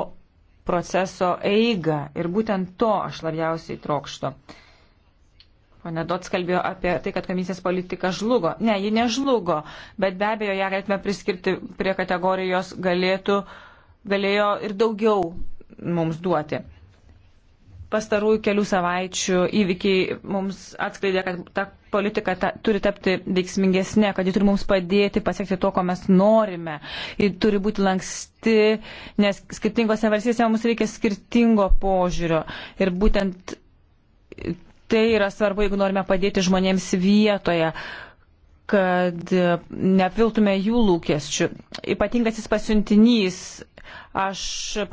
S1: proceso eigą. Ir būtent to aš labiausiai trokštu. Pane Dots kalbėjo apie tai, kad komisijos politika žlugo. Ne, ji nežlugo, bet be abejo ją galėtume priskirti prie kategorijos galėtų, galėjo ir daugiau mums duoti. Pastarųjų kelių savaičių įvykiai mums atskleidė, kad ta politika ta, turi tapti veiksmingesnė, kad ji turi mums padėti pasiekti to, ko mes norime. Ji turi būti lanksti, nes skirtingose valstybėse mums reikia skirtingo požiūrio. Ir būtent tai yra svarbu, jeigu norime padėti žmonėms vietoje kad e, neapviltume jų lūkesčių. Ypatingasis pasiuntinys, aš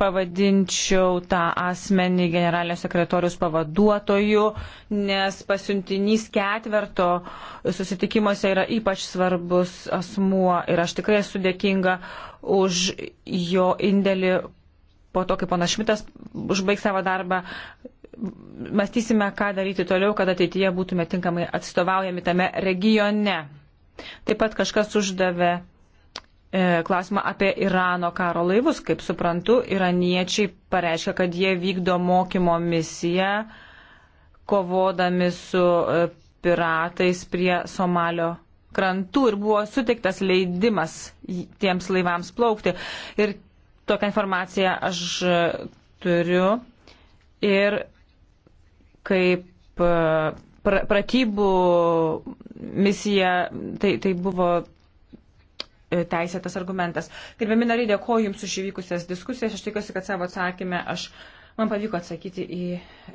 S1: pavadinčiau tą asmenį generalinio sekretorius pavaduotoju, nes pasiuntinys ketverto susitikimuose yra ypač svarbus asmuo ir aš tikrai esu dėkinga už jo indėlį po to, kai ponas Šmitas užbaigs savo darbą, mąstysime, ką daryti toliau, kad ateityje būtume tinkamai atstovaujami tame regione. Taip pat kažkas uždavė e, klausimą apie Irano karo laivus. Kaip suprantu, iraniečiai pareiškia, kad jie vykdo mokymo misiją, kovodami su e, piratais prie Somalio krantų ir buvo suteiktas leidimas tiems laivams plaukti. Ir tokią informaciją aš e, turiu. Ir kaip e, pra, pratybų misija, tai, tai buvo e, teisėtas argumentas. Gerbiami nariai, dėkoju Jums už įvykusias diskusijas. Aš tikiuosi, kad savo atsakymę aš, man pavyko atsakyti į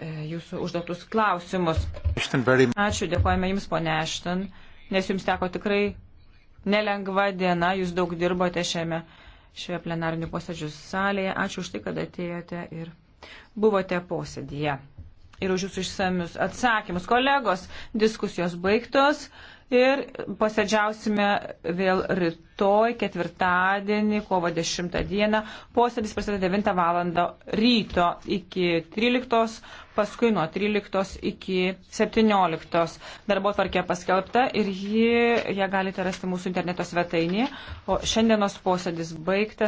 S1: e, Jūsų užduotus klausimus. Ačiū, dėkojame Jums, ponė Ešton, nes Jums teko tikrai nelengva diena, Jūs daug dirbote šiame, šioje plenarinių posėdžių salėje. Ačiū už tai, kad atėjote ir buvote posėdėje ir už jūsų išsamius atsakymus. Kolegos, diskusijos baigtos ir posėdžiausime vėl rytoj, ketvirtadienį, kovo 10 dieną. Posėdis prasideda 9 val. ryto iki 13, paskui nuo 13 iki 17. Darbo tvarkė paskelbta ir jį, ją galite rasti mūsų interneto svetainėje. O šiandienos posėdis baigtas.